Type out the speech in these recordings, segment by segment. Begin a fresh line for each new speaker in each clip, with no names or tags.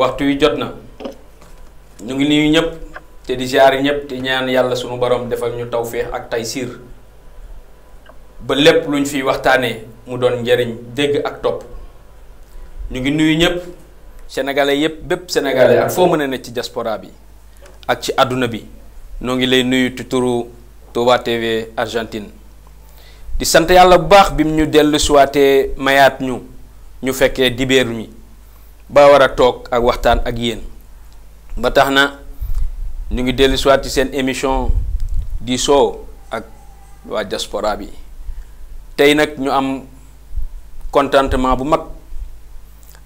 waxtu wi jot na ñu ngi nuyu ñëpp te di jaar ñëpp te ñaan yàlla sunu borom defal ñu tawféex ak siir ba lépp luñ fi waxtaanee mu doon njariñ dégg ak topp ñu ngi nuyu ñëpp sénégalais yëpp bépp sénégalais ak foo mën a ne ci diaspora bi ak ci àdduna bi noo ngi lay nuyu ci turu Touba TV Argentine di sant yàlla bu baax bi mu ñu dellu suwaatee mayaat ñu ñu fekkee dibeer mi ba war a toog ak waxtaan ak yéen ba tax na ñu ngi dellu siwaat ci seen émission di soo ak waa diaspora bi tey nag ñu am contentement bu mag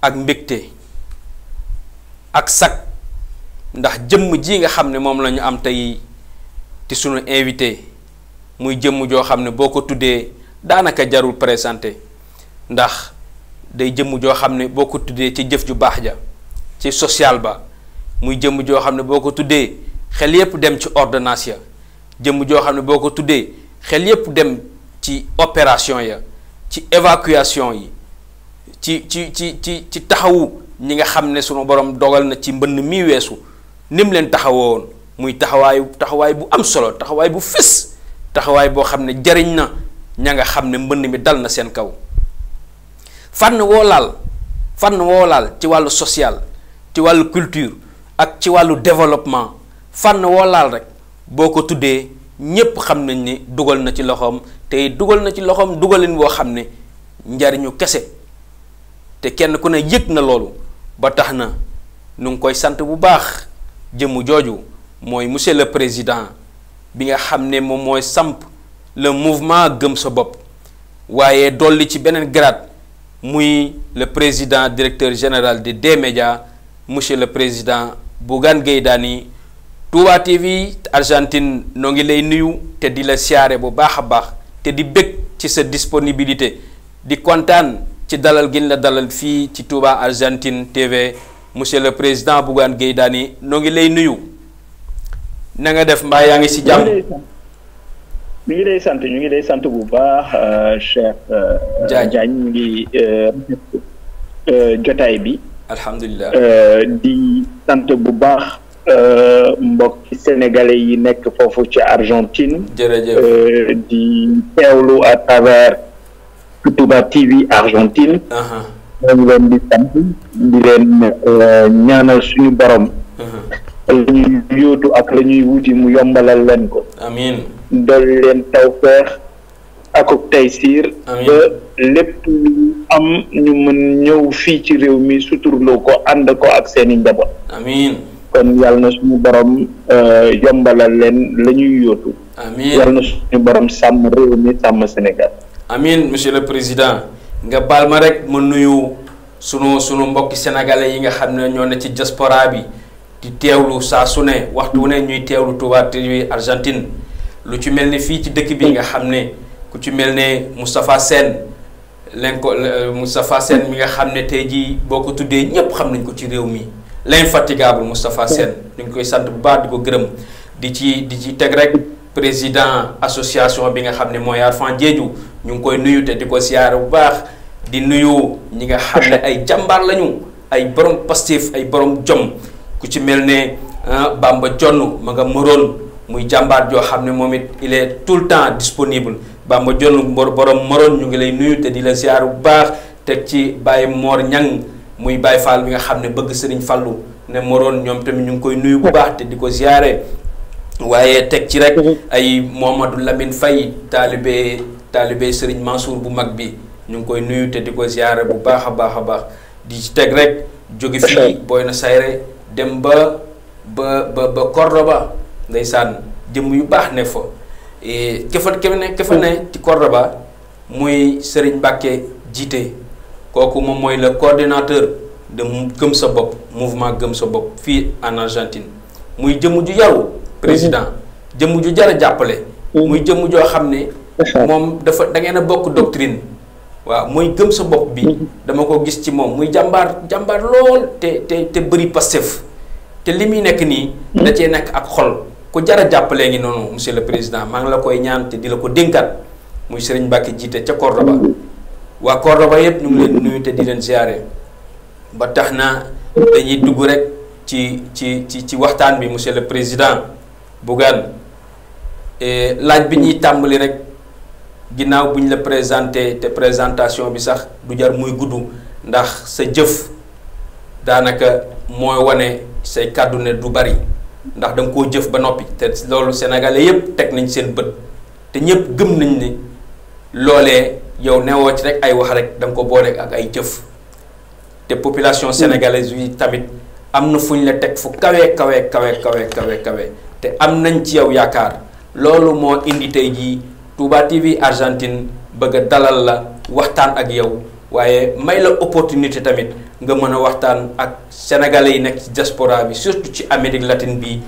ak mbégte ak sag ndax jëmm ji nga xam ne moom la ñu am tey ci sunu invité muy jëmm joo xam ne boo ko tuddee daanaka jarul présenté ndax day jëmm joo xam ne boo ko tuddee ci jëf ju baax ja ci social ba muy jëmm joo xam ne boo ko tuddee xel yépp dem ci ordonnance ya jëmm joo xam ne boo ko tuddee xel yépp dem ci opération ya ci évacuation yi ci ci ci ci ci taxawu ñi nga xam ne sunu borom dogal na ci mbënn mi weesu nim leen taxawoon muy taxawaayu taxawaay bu am solo taxawaay bu fés taxawaay boo xam ne jariñ na ña nga xam ne mbënn mi dal na seen kaw fànn woo laal fànn woo laal ci wàllu sociale ci wàllu culture ak ci wàllu développement fànn woo laal rek boo ko tuddee ñépp xam nañ ni dugal na ci loxoom te dugal na ci loxoom dugalin woo xam ne njariñu kese te kenn ku ne yëg na loolu ba tax na nu ngi koy sant bu baax jëmm jooju mooy monsieur le président bi nga xam ne moom mooy samp le mouvement gëm sa bopp waaye dolli ci beneen grade muy le président directeur général de D-Médias monsieur le président Bougane Gueye Dany Touba TV Argentine noo ngi lay nuyu te di la siyaare bu baax a baax te di bëgg ci sa disponibilité di kontaan ci dalal gi la dalal fii ci Touba Argentine TV monsieur le président Bougane Gueye Dany noo ngi lay nuyu nanga def mbaa yaa ngi si
jàmm. ñu ngi lay sant ñu ngi lay sant bu baax euh, Cheikh euh, Diagne ñu ngi euh, jotaay bi. alhamdulilah di sant bu baax mbokki sénégalais yi nekk foofu
ci Argentine. jërëjëf di teewlu à travers Touba TV Argentine. Uh-huh. di leen
ñaanal suñu borom.
Uh-huh.
la ñuy ak la ñuy wuti mu yombalal leen ko. amiin. dolli leen tawfeex akub taysiir ba lépp lu am ñu mën ñëw fii ci réew mi suturloo ko ànd ko
ak seeni njaboot amiin kon yàlla na suñu borom euh, yombalal leen la ñuy yóotu yàlla suñu borom sàmm réew mi sàmm Sénégal amiin monsieur le président nga baal ma rek ma nuyu sunu sunu mbokki sénégalais yi nga xam ne ñoo ne ci diaspora bi di teewlu saa su ne waxtu wu ne ñuy teewlu Touba TV Argentine lu ci mel ni fii ci dëkk bi nga xam ne ku ci mel ne Moustapha Sène lañ ko Moustapha Sène mi nga xam ne tey jii boo ko tuddee ñépp xam nañ ko ci réew mi l'infatigable Moustapha Sène ñu ngi koy sant bu baax di ko gërëm di ci di ci teg rek président association bi nga xam ne mooy Arfan Diédhiou ñu ngi koy nuyu te di ko siyaare bu baax di nuyu ñi nga xam ne ay jàmbaar lañu ay borom Pastef ay borom jom ku ci mel ne ah, Bamba Jonn ma nga mëroon muy jàmbaar joo xam ne moom it il tout le temps disponible baa Bamba Dione borom moroon ñu ngi lay nuyu te di la ziar bu baax teg ci Baye Mor Ñang muy Baye Fall bi nga xam ne bëgg Sëriñ Fallu ne moroon ñoom tamit ñu ngi koy nuyu bu baax te di ko ziare waaye teg ci rek ay Momadou Lamine Faye taalibe taalibe Sëriñ Mansour bu mag bi ñu ngi koy nuyu te di ko ziare bu baax a baax a baax di ci teg rek jóge fii Buenos Aires dem ba ba ba ba Cordoba nday ndeysaan jëmm yu baax ne fo ke fa e, ke ne ke fa ne ci Cordoba muy Serigne Mbacke jiite kooku moom mooy la coordinateur de gëm sa bopp mouvement gëm sa bopp fii en Argentine muy jëmm ju yaru président jëmm ju jar a jàppale. muy jëmm joo xam ne. moom dafa da ngeen a bokk doctrine. waaw muy gëm sa bopp bi dama ko gis ci moom muy jàmbaar jàmbaar lool te te te bëri Pastef te li muy nekk nii da cee nekk ak xol ku jar a jàppalee ngi noonu monsieur le président maa ngi la koy ñaan te di la ko dénkaat muy Serigne Mbacke jiite ca Cordoba waa Cordoba yëpp ñu ngi leen nuyu te di leen ziare ba tax na dañuy dugg rek ci ci ci ci waxtaan bi monsieur le président Bougane laaj bi ñuy tàmbali rek ginnaaw bu ñu la présenté te présentation bi sax du jar muy gudd ndax sa jëf daanaka mooy wane say kàddu ne du bari ndax danga ko jëf ba noppi te loolu sénégalais yépp teg nañ seen bët te ñëpp gëm nañ ni loolee yow newoo ci rek ay wax rek da ko boole ak ay jëf te population sénégalaise yi tamit am na fu ñu la teg fu kawe kawe kawe kawe kawe kawe te am nañ ci yow yaakaar loolu moo indi tey jii Touba TV Argentine bëgg a dalal la waxtaan ak yow waaye may la opportunité tamit nga mën a waxtaan ak sénégalais yi nekk ci diaspora bi surtout ci Amérique latin bi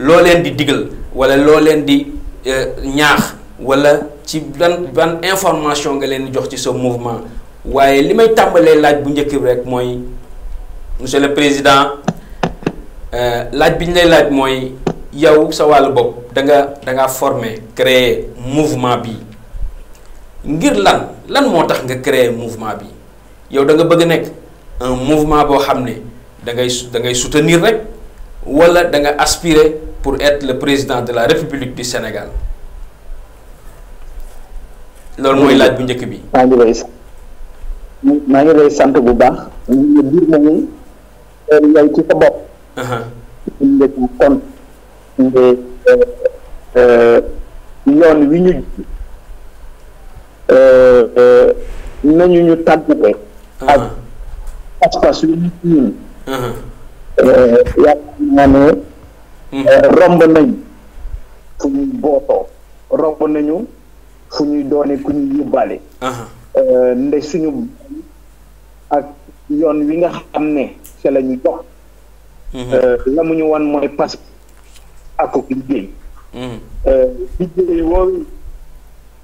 loo leen di digal wala loo leen di euh, ñaax wala ci ban ban information nga leen di jox ci sa mouvement waaye li may tàmbalee laaj bu njëkk bi rek mooy monsieur le président euh, laaj bi ñu lay laaj mooy yow sa wàllu bopp da nga da nga former créer mouvement bi ngir lan lan moo tax nga créer mouvement bi yow da nga bëgg nekk un mouvement boo xam ne da ngay da ngay soutenir rek wala danga nga aspirer pour être le président de la République du Sénégal loolu mooy laaj bu njëkk bi. maa ngi lay maa ngi lay sant bu baax. biir na ni
yow ci uh-huh. euh, euh, yoon wi ñu. Euh, euh, nañu ñu tàggate ah. ak pas-pas yu nit ñun ah. euh, yaakaar naa ne hmm. romb nañ fu ñuy bootoo romb nañu fu ñuy doone ku ñuy yóbbaale ah. nde suñu ak yoon wi nga xam ne ca ñu jox hmm. la wan mooy pas ak liggéey hmm. liggéey woowu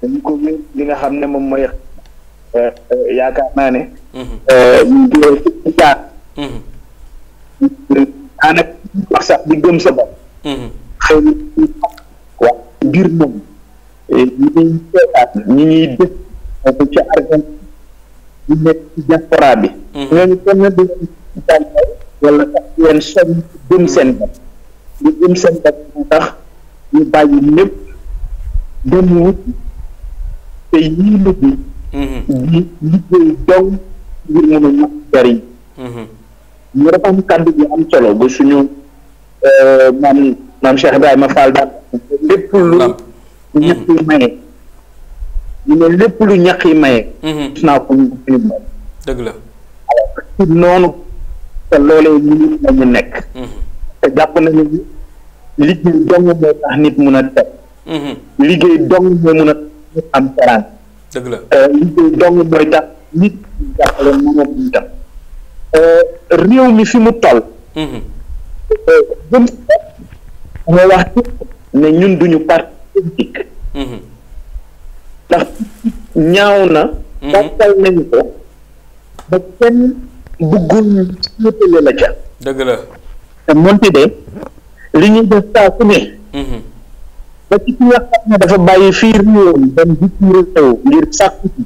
dañu ko wér li nga xam ne moom mooy euh, euh, yaakaar naa ne. Mhm. Euh, ñu jëlee mhm. sax di gëm sa bopp. Mhm. xëy moom ñi ñuy seetaat ñi ñuy def ko ci Argentine ñu nekk ci diaspora bi. ñooñu kenn du leen wala sax di soññ gëm seen bopp. ñu gëm seen bopp bu tax ñu bàyyi lépp dem wut. te yii liggéey di mhm. liggéey dong ngir mën a ñàkk jariñ mhm. ñu dafa am kàddu bu am solo bu suñu euh, maam maam Cheikh Ibrahima Fall daal lépp lu ñàkk yi mhm. maye ñu ne lépp lu ñàkk yi maye gis noonu te loolee ñu nit nekk te jàpp nañu liggéey dong moo tax nit mun a teg liggéey dong moo mun a ñu am teraan. dëgg la euh, liggéey dong mooy tax nit jàppale moom ñu euh, réew mi fi mu toll. gëm mm-hmm. nga euh, ne ñun duñu parti politique. Mm-hmm. ndax ñaaw na. tàkkal mm-hmm. nañu ko ba kenn bëggul ñu la ca. dëgg la. te moonte de li ñuy def saa su ne. ba ci ki nga dafa bàyyi fii réewam dem bitim réew ngir sàkku ci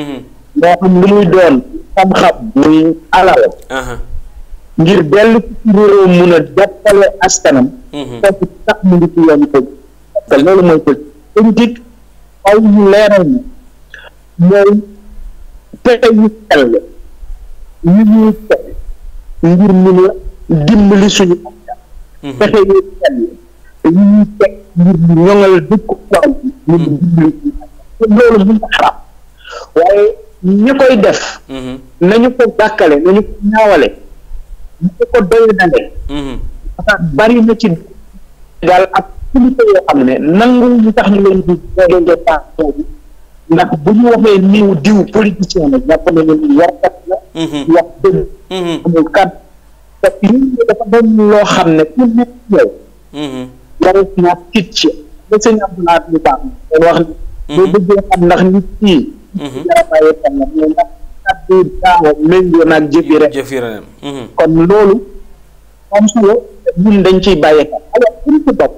mhm. moo xam lu muy doon xam-xam muy alal ngir dellu ci réewam mun a jàppale askanam mhm. ngi ci yoon ko parce que loolu mooy ko politique aw ñu leeral na mooy pexe yu sell yu ñuy pexe ngir mun a dimbali suñu askan mhm. pexe yu sell te ñu ngi teg ngir ñu mm-hmm. loolu mën na xaraam waaye ñi koy def mm-hmm. nañu ko gàkkale nañu ko ñaawale ñu ko doy dale mm-hmm. parce ci daal ak kilifa yoo nangu ñu tax ñu bu ñu waxee niw diw politicien la jàpp nañu ni yarkat loo xam ne ku nekk yow jarul ñaar tiit ci ba sëñ Abdoulaye bu baax la wax ni mhm. boo bëggee xam ndax nit kii mhm. jara bàyyi xel la mais ndax kàddu daawa rek mhm. kon loolu am solo ñun dañ ciy bàyyi xel alors pour ci bopp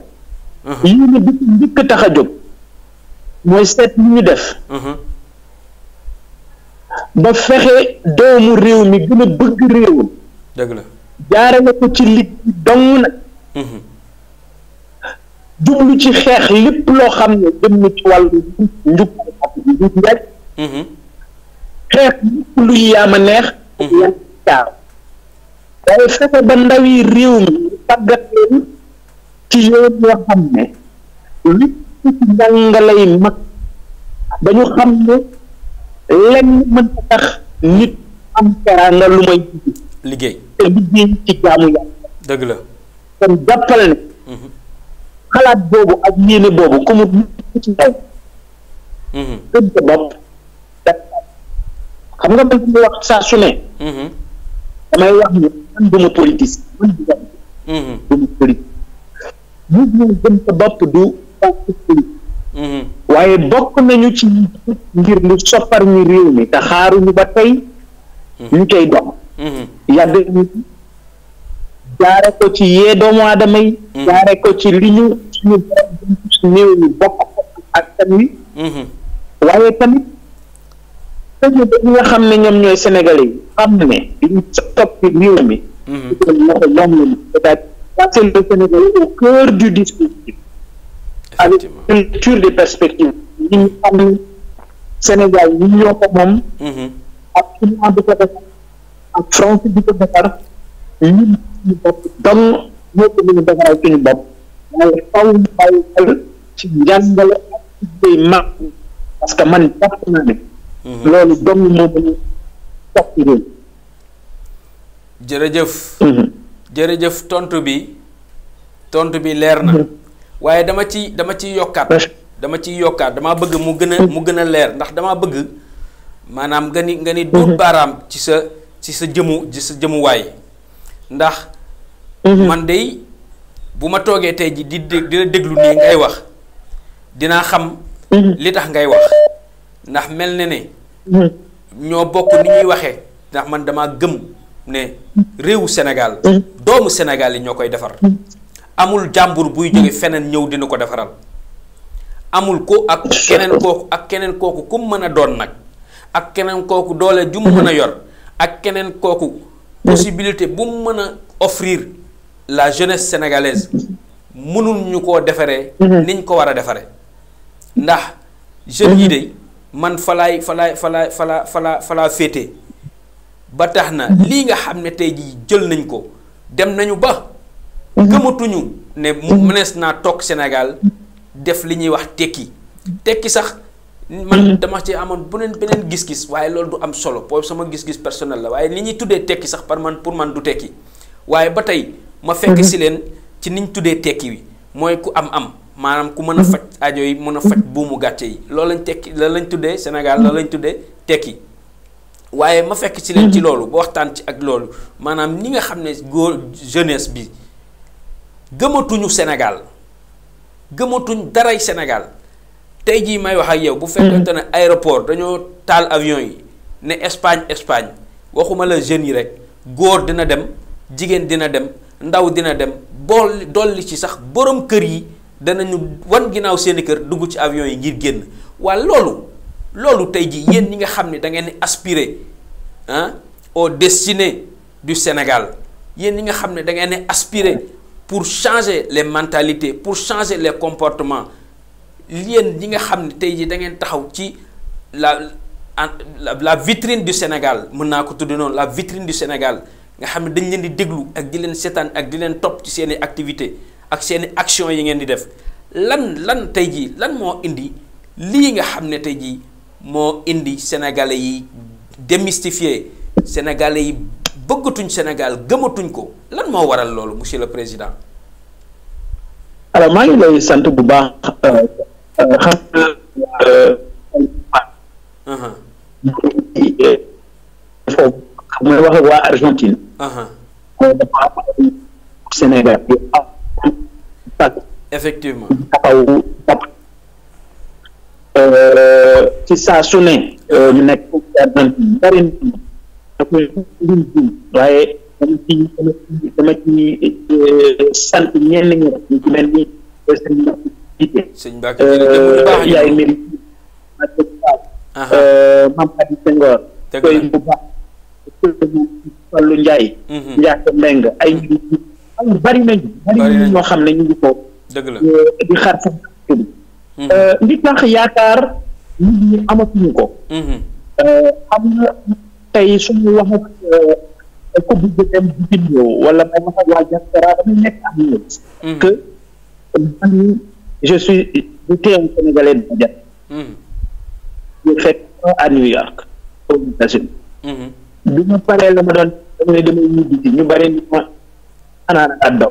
yii ni bi tax a jóg mooy seet li ñu def ba fexe doomu réew mi gën a bëgg réewam dëgg la ko ci liggéey dong nag jublu ci xeex lépp loo xam ne jëm na ci wàllu njub njub mhm. njaaj mhm. yi réew mi tàggat leen xam ne lépp ci njàngalay mag ba xam ne lenn mën a tax nit am teraanga lu may liggéey te liggéey ci jaamu yàlla dëgg la kon jàppal ne xalaat boobu ak yéene boobu ku mu ci ndaw mhm. gëm sa bopp xam nga man wax saa su
mhm.
damay wax ni man du ma mu mhm. gëm sa bopp du waaye bokk nañu ci ngir lu soppar ñu réew mi te xaaruñu ba tey ñu koy dox yàgg ñu jaare ko ci yee doomu aadama jaare ko ci li ñu suñu néew ñu bokk ak tamit. Mhm. waaye tamit rajo bi nga xam ne ñoom ñooy sénégalais yi xam ne dañuy topp réew mi. Mhm. dañu ko au cœur du dispositif. avec culture des perspectives ñi ñu xam ne Sénégal ñi ñoo ko moom. Mhm. ak France bi ko defar ñun suñu bopp dong ñoo ko mën a defaral suñu bopp. waaye faw ñu bàyyi ci njàngale ak ci day mag que man jàpp
naa mhm. mhm. jërëjëf tontu bi tontu bi leer na mhm. waaye dama ci dama ciy yokkaat dama ciy yokkaat damaa bëgg mu gën a mu gën a leer ndax damaa bëgg maanaam nga ni nga baaraam ci sa ci sa jëmu sa jëmuwaay ndax man dey bu ma toogee tey ji di di la déglu nii ngay wax dinaa xam li tax ngay wax ndax mel na ne ñoo bokk ni ñuy waxee ndax man dama gëm ne réewu Sénégal doomu Sénégal yi ñoo koy defar amul jàmbur buy jóge feneen ñëw dina ko defaral amul ko ak keneen kooku ak keneen kooku ku mën a doon nag ak keneen kooku doole ju mu mën a yor ak keneen kooku possibilité bu mën a offrir la jeunesse sénégalaise mënul ñu koo defaree. Mhm. niñ ko war a defaree. ndax jeunes yi mhm. de man falaay falaay falaay falaa falaa falaa féete ba tax na mhm. lii nga xam ne tey jii jël nañ ko dem nañu ba. gëmatuñu ne mënees naa toog Sénégal def li ñuy wax tekki tekki sax. man dama ci amoon beneen beneen gis-gis waaye loolu du am solo boobu sama gis-gis personnel la waaye li ñuy tuddee tekki sax par man pour man du tekki waaye ba tey ma fekk si mhm. leen ci niñ tuddee tekki wi mooy ku am am maanaam ku mën a mhm. faj aajo yi mën a faj mhm. buumu gàcce yi loolu lañ tekki la lañ tuddee Sénégal la lañ tuddee tekki waaye ma fekk ci leen ci loolu ba waxtaan ci ak loolu maanaam ñi nga xam ne góor jeunesse bi gëmatuñu Sénégal gëmatuñ daray Sénégal tey jii may wax ak yow. bu fekkente ne aéroport dañoo taal avion yi ne Espagne Espagne waxuma la jeunes yi rek góor dina dem jigéen dina dem. ndaw dina dem bool dolli ci sax borom kër yi danañu wan ginaaw seen i kër dugg ci avion yi ngir génn waaye loolu loolu tey ji yéen ñi nga xam ne da ngeen aspirer ah aux destinées du Sénégal yéen ñi nga xam ne da ngeen aspirer pour changer les mentalités pour changer les comportements yéen ñi nga xam ne tey ji da ngeen taxaw ci la la vitrine du Sénégal mën naa ko tudd noonu la vitrine du Sénégal nga xam ne dañ leen di déglu ak di leen seetaan ak di leen topp ci seeni activité ak seen i action yi ngeen di def lan lan tey jii lan moo indi lii nga xam ne tey jii moo indi sénégalais yi démystifié sénégalais yi bëggatuñ Sénégal gëmatuñ ko lan moo waral loolu monsieur le président.
alors maa ngi lay sant bu baax euh, euh, xam
euh, uh-huh.
wax waa Argentine. Sénégal effectivement taxaw ci saa su ne nekk bari waaye dama ci dama ci sant ñenn ñi ci mel ni yaay mari euh, Maam Khady Senghor koy bu baax wàllu njaay njaay ndeng ay bari nañu bari nañu ñoo xam ne ñu ngi ko dëgg la euh, di xar sax mhm. euh, li tax yaakaar nit ñi amatuñu ko mhm. euh, am na tey suñu wax ak ko bëgg dem bitim réew may wax waa diaspora damay nekk am na mhm. que man je suis du teewu sénégalais bu New York aux bi ma paree la ma doon dama damay ñibbi ñu bari ni ma
xanaa ak daw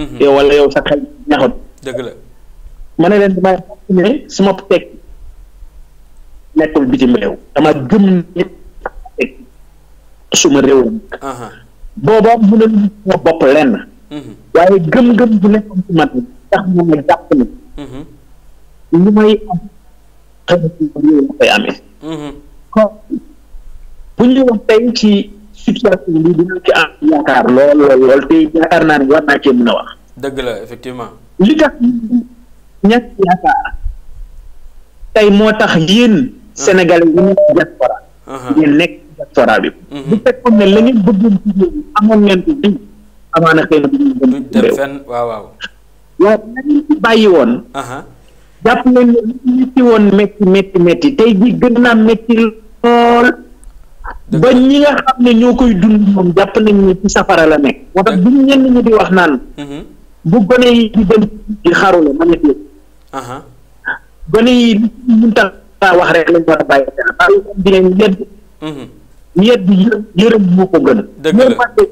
mhm. yow wala yow sa xel ñaxut dëgg la
ma ne leen damay xam ne suma teg
nekkul bitim réew
dama gëm ne suma réew la booba mu ne ma bopp lenn mhm. waaye gëm-gëm bu nekkoon ci man tax na
mhm.
may am xëy na koy amee bu ñu ñëwoon tey ci situation bi dina ci am yaakaar lool lool lool te yaakaar naa ne war naa cee mën a wax.
dëgg la effectivement.
li tax ñàkk yaakaar tey moo tax yéen. Sénégalais yi nekk diaspora.
Uh-huh. bi.
Uh-huh. bu fekkoon ne la ngeen ci réew amoon leen ko amaana xëy du ñu dem
fenn waaw waaw.
waaw na ngeen ci bàyyi woon. Uh-huh. jàpp leen ne ñu ci woon métti métti métti tey jii gën naa métti lool. ba ñi nga xam ne ñoo koy dund moom jàpp nañ ne ci safara la nekk. moo tax duñ ñenn ñi di wax naan. Mhm. bu gone yi di dem di xaru la ma ne gone yi li ñu tax wax rek lañ war a bàyyi xel dinañ yedd. Mhm. yedd yërëm dëgg la ci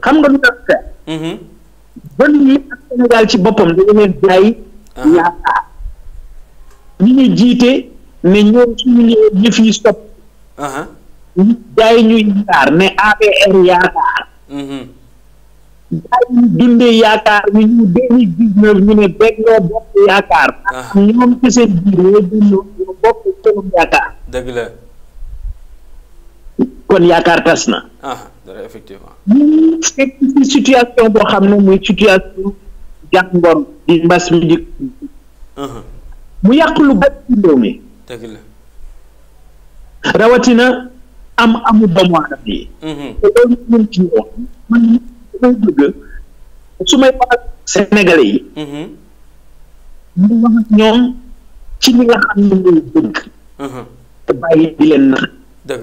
xam nga lu mhm. ci boppam dañu leen jaay. yaakaar ñi jiite. ne ñoom suñu jëf yi stop. gaa uh-huh. yaakaar ne APR yaakaar. gaa mm-hmm. yi dundee yaakaar ñu ñu deux mille ñu ne Benno Bokk Yaakaar. Uh-huh. Yaakaar.
kon yaakaar tas na. ah dara fekk
ci situation boo xam ne muy situation jàngoro di mbas mi di. mu yàq lu bari ci mi. dëgg la rawatina am amu doomu aadama yi mhm. su may wax ak sénégalais yi mhm. ñu wax ak ñoom ci li nga xam ne muy dëgg mhm. te bàyyi di leen nax dëgg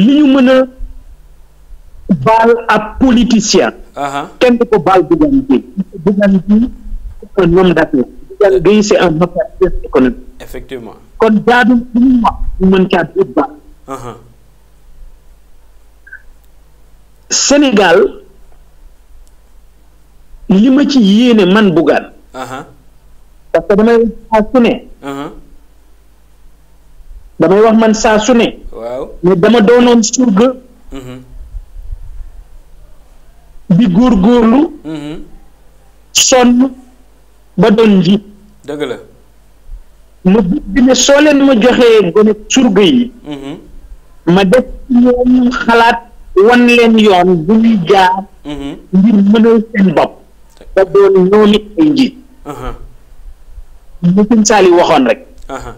li ñu mën a baal ab politicien kenn ko baal buggaan bi buggaan bi un homme d'affaires Tidiane Gueye c'est un opérateur économique. Uh-huh. li ma ci yéene man Bougane. Uh-huh. parce que damay wax saa su ne. Uh-huh. damay wax man saa su ne. mais dama doonoon surga. di góorgóorlu. sonn ba doon njiit. dëgg la. ma gis ne soo leen ma joxee gone surga yi. Mhm. ma def ñoom xalaat wan leen yoon bu ñuy jaar. Mhm. ngir mënal seen bopp. te doon ñooñu ay njiit. Uh-huh. li sëñ Saali waxoon
rek. Uh-huh.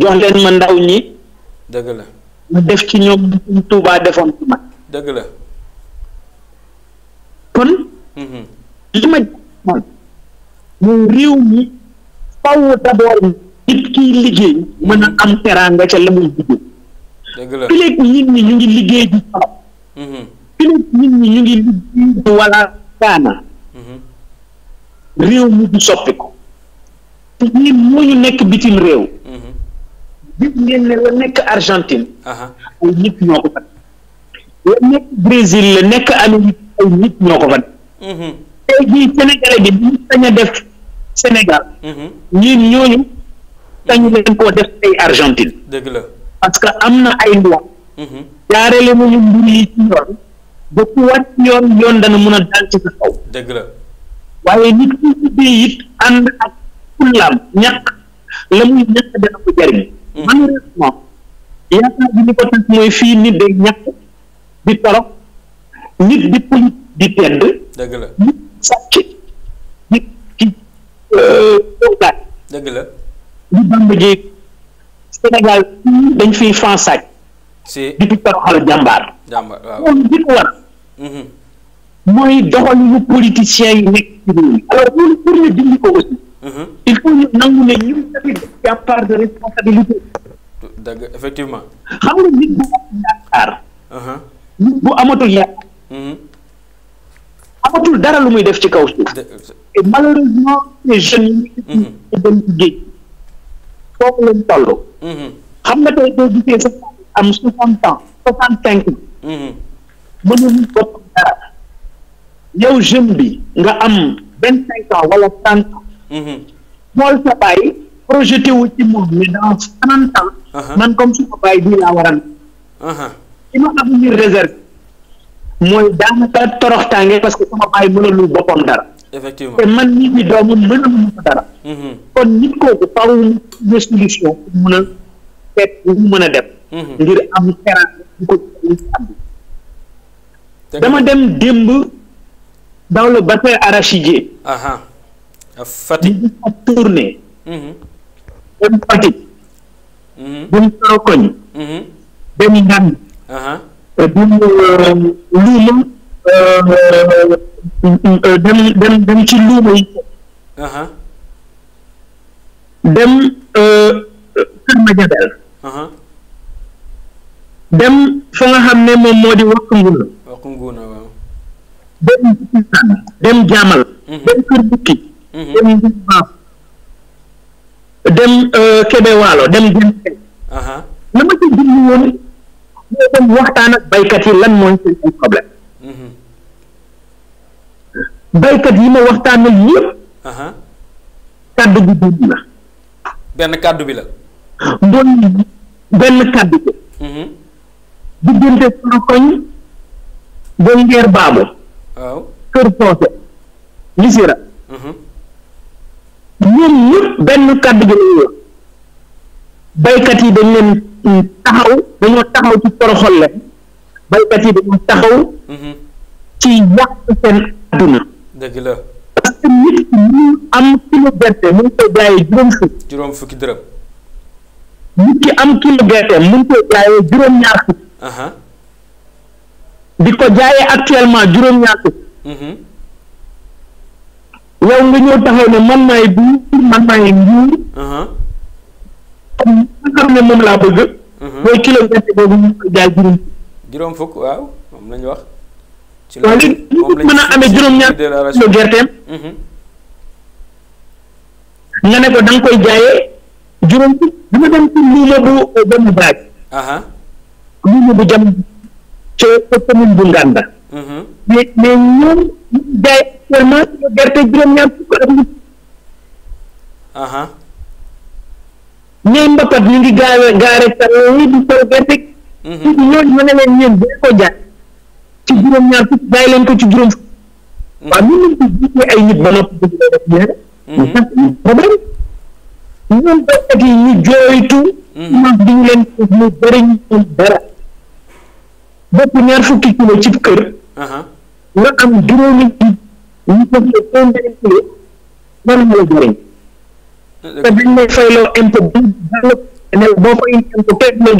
jox leen ma ndaw ñi. dëgg la ma def ci ñoom suñ Tuubaa defoon ci man. dëgg la kon. Mhm. li ma muy réew mi faw d'abord nit kiy liggéey mën a am teraanga ca la muy liggéey.
dëgg la fileeg
nit ñi ñu ngi liggéey di sax. fileeg mm-hmm. nit ñi ñu ngi liggéey di wala kaana. Mm-hmm. réew mi du soppiku. te ñun moo ñu nekk bitim réew. Mm-hmm. gis ngeen ne la nekk Argentine. ay nit ñoo ko fa. la nekk Brésil la nekk Amérique ay nit ñoo ko fa. tey jii Sénégalais bi bu ñu def. Sénégal. Mhm. ñun ñooñu sañu mhm. leen koo def ay Argentine. dëgg parce que am na ay loi. Mhm. jaarale nañu mbir yi ci yoon ba ku wàcc yoon yoon dana mun a daal ci sa kaw. dëgg la waaye nit ku ubbee it ànd ak fullaam ñàkk la muy ñàkk dana ko jariñ. malheureusement yaakaar bi ni ko tax mooy fii nit day ñàkk di torop nit di politique di tedd. dëgg nit sàcc. Sokane. dëgg la. li bamb ji Sénégal dañ fiy fansaaj.
si di fi toroxal jàmbaar. jàmbaar waaw loolu di ko war. Mhm.
mooy doxalinu politiciens yi nekk ci réew mi alors loolu pour dindi ko aussi. Mhm. il faut ñu nangu ne ñun tamit y a part de responsabilité.
dëgg effectivement.
xam nga nit bu amatul yaakaar. Mhm. amatul dara lu muy def ci kaw suuf
euh,
malheureusement les jeunes yi mm-hmm. dem ci géej foofu lañ toll mm-hmm. xam nga tey boo gisee sax am soixante ans soixante cinq ans mm-hmm. mënul boppam dara yow jeune bi nga am vingt cinq ans wala trente ans xool sa bàyyi projeté wu ci moom mais dans ans uh-huh. man comme suma bàyyi bii laa waran ci ma avenir réservé mooy daanaka toroxtaange parce que sama baay mënalul boppam dara.
te man
nit ñi doomu mënalul ko dara. Mm-hmm. kon nit kooku faaw mu solution pour mun a seet bu mu mën a def. Mm-hmm. ngir am teranga dama dem démb
dans le bassin arachidier. ah ah Fatick. ñu ngi tourné. Mm-hmm. dem Fatick. dem Sorokoñ.
dem Ndande. Euh, duñ euh, luuma euh, dem dem dem ci luuma yi.
Uh-huh. dem Kër Madiabel. Uh-huh.
dem fa nga xam ne moom moo di Wakk Nguna. Wakk Nguna dem Jaamal. Mm-hmm. dem Kër Bukki. Mm-hmm. dem Ndiour dem Kébé na uh-huh. ma ci jublu woon. ñoo dem waxtaan ak baykat yi lan mooy seen problème mhm. baykat yi ma waxtaanal yëpp. kàddu gu dund la.
benn kàddu bi la.
doon benn kàddu bi. Mhm. diggante sunu koñ ba ngeer baabu. waaw kër soose lisira. Mhm. ñoom ñëpp benn kàddu bi la ñu baykat yi dañ leen. taxaw dañoo taxaw ci toroxol leen baykat yi dañoo taxaw mhm. ci yàq seen adduna dëgg nit ki mu am kilo gerte mu ngi koy jaayee juróom fukk
juróom fukki dërëm
ki am kilo gerte mu ngi koy jaayee juróom ñaar fukk di ko jaayee actuellement juróom ñaar fukk mhm. yow nga ñëw taxaw ne man maay buur man maay nguur xam nga moom laa bëgg. Mhm. mooy kilo gerte boobu ñu koy jaay juróom.
juróom fukk waaw moom la ñu wax.
amee juróom-ñaar kilo gerteem. Mhm. nga ne ko da koy jaayee juróom fukk bi euh, bu jam ca commune bu Nganda. Mhm. mais mais ñoom jaay gerte juróom-ñaar fukk ak ñooy mbëkkat ñu ngi gaare gaare camion yi di sol gerte gi mhm. ñooñu boo ko jaay ci juróom-ñaar fukk bàyyi leen ko ci juróom fukk mhm. waaw ñu ngi ko jiite ay nit ba noppi def ñaar mhm. ñu jooytu man di ñu leen ñu bëri ñu dara bopp ñaar fukki kilo ci kër
uh-huh.
nga am juróomi ñu ko jël téeméeri kilo man la jëriñ te dañ may fayloo impôt bi ne boo bii mu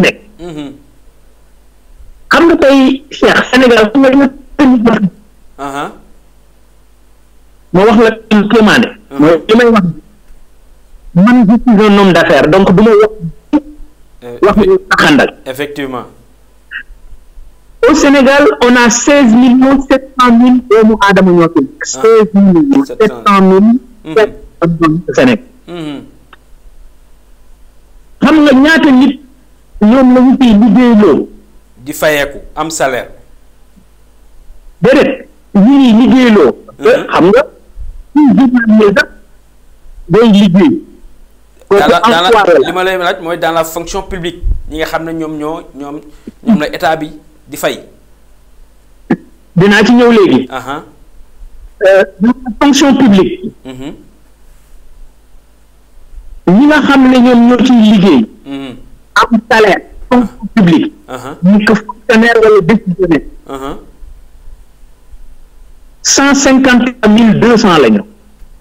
nekk mm-hmm. xam nga tey Cheikh Sénégal su uh-huh. wax ma wax la uh-huh. mooy li may wax man je suis un homme d'affaires donc du ma wax euh, wax taxandal effectivement au Sénégal on a seize millions sept cent mille doomu aadama ñoo fi nekk ah, seize millions
sept cent mille sept cent mille mm-hmm. xam nga ñaata nit ñoom la ñu fiy liggéeyloo di fayeeku am salaire déedéet ñu ngi liggéeyloo mm-hmm. eh, xam nga
suñ journalier sax day liggéey
li ma lay laaj mooy dans la fonction publique ñi nga xam ne ñoom ñoo ñoom ñoom la état bi di fay. dinaa ci ñëw léegi. Euh,
fonction publique. Mhm. ñi nga xam ne ñoom ñoo ciy liggéey. Mhm. am salaire fonction publique. ñu ko fonctionnaire wala décisionnaire. cent cinquante trois mille deux cent la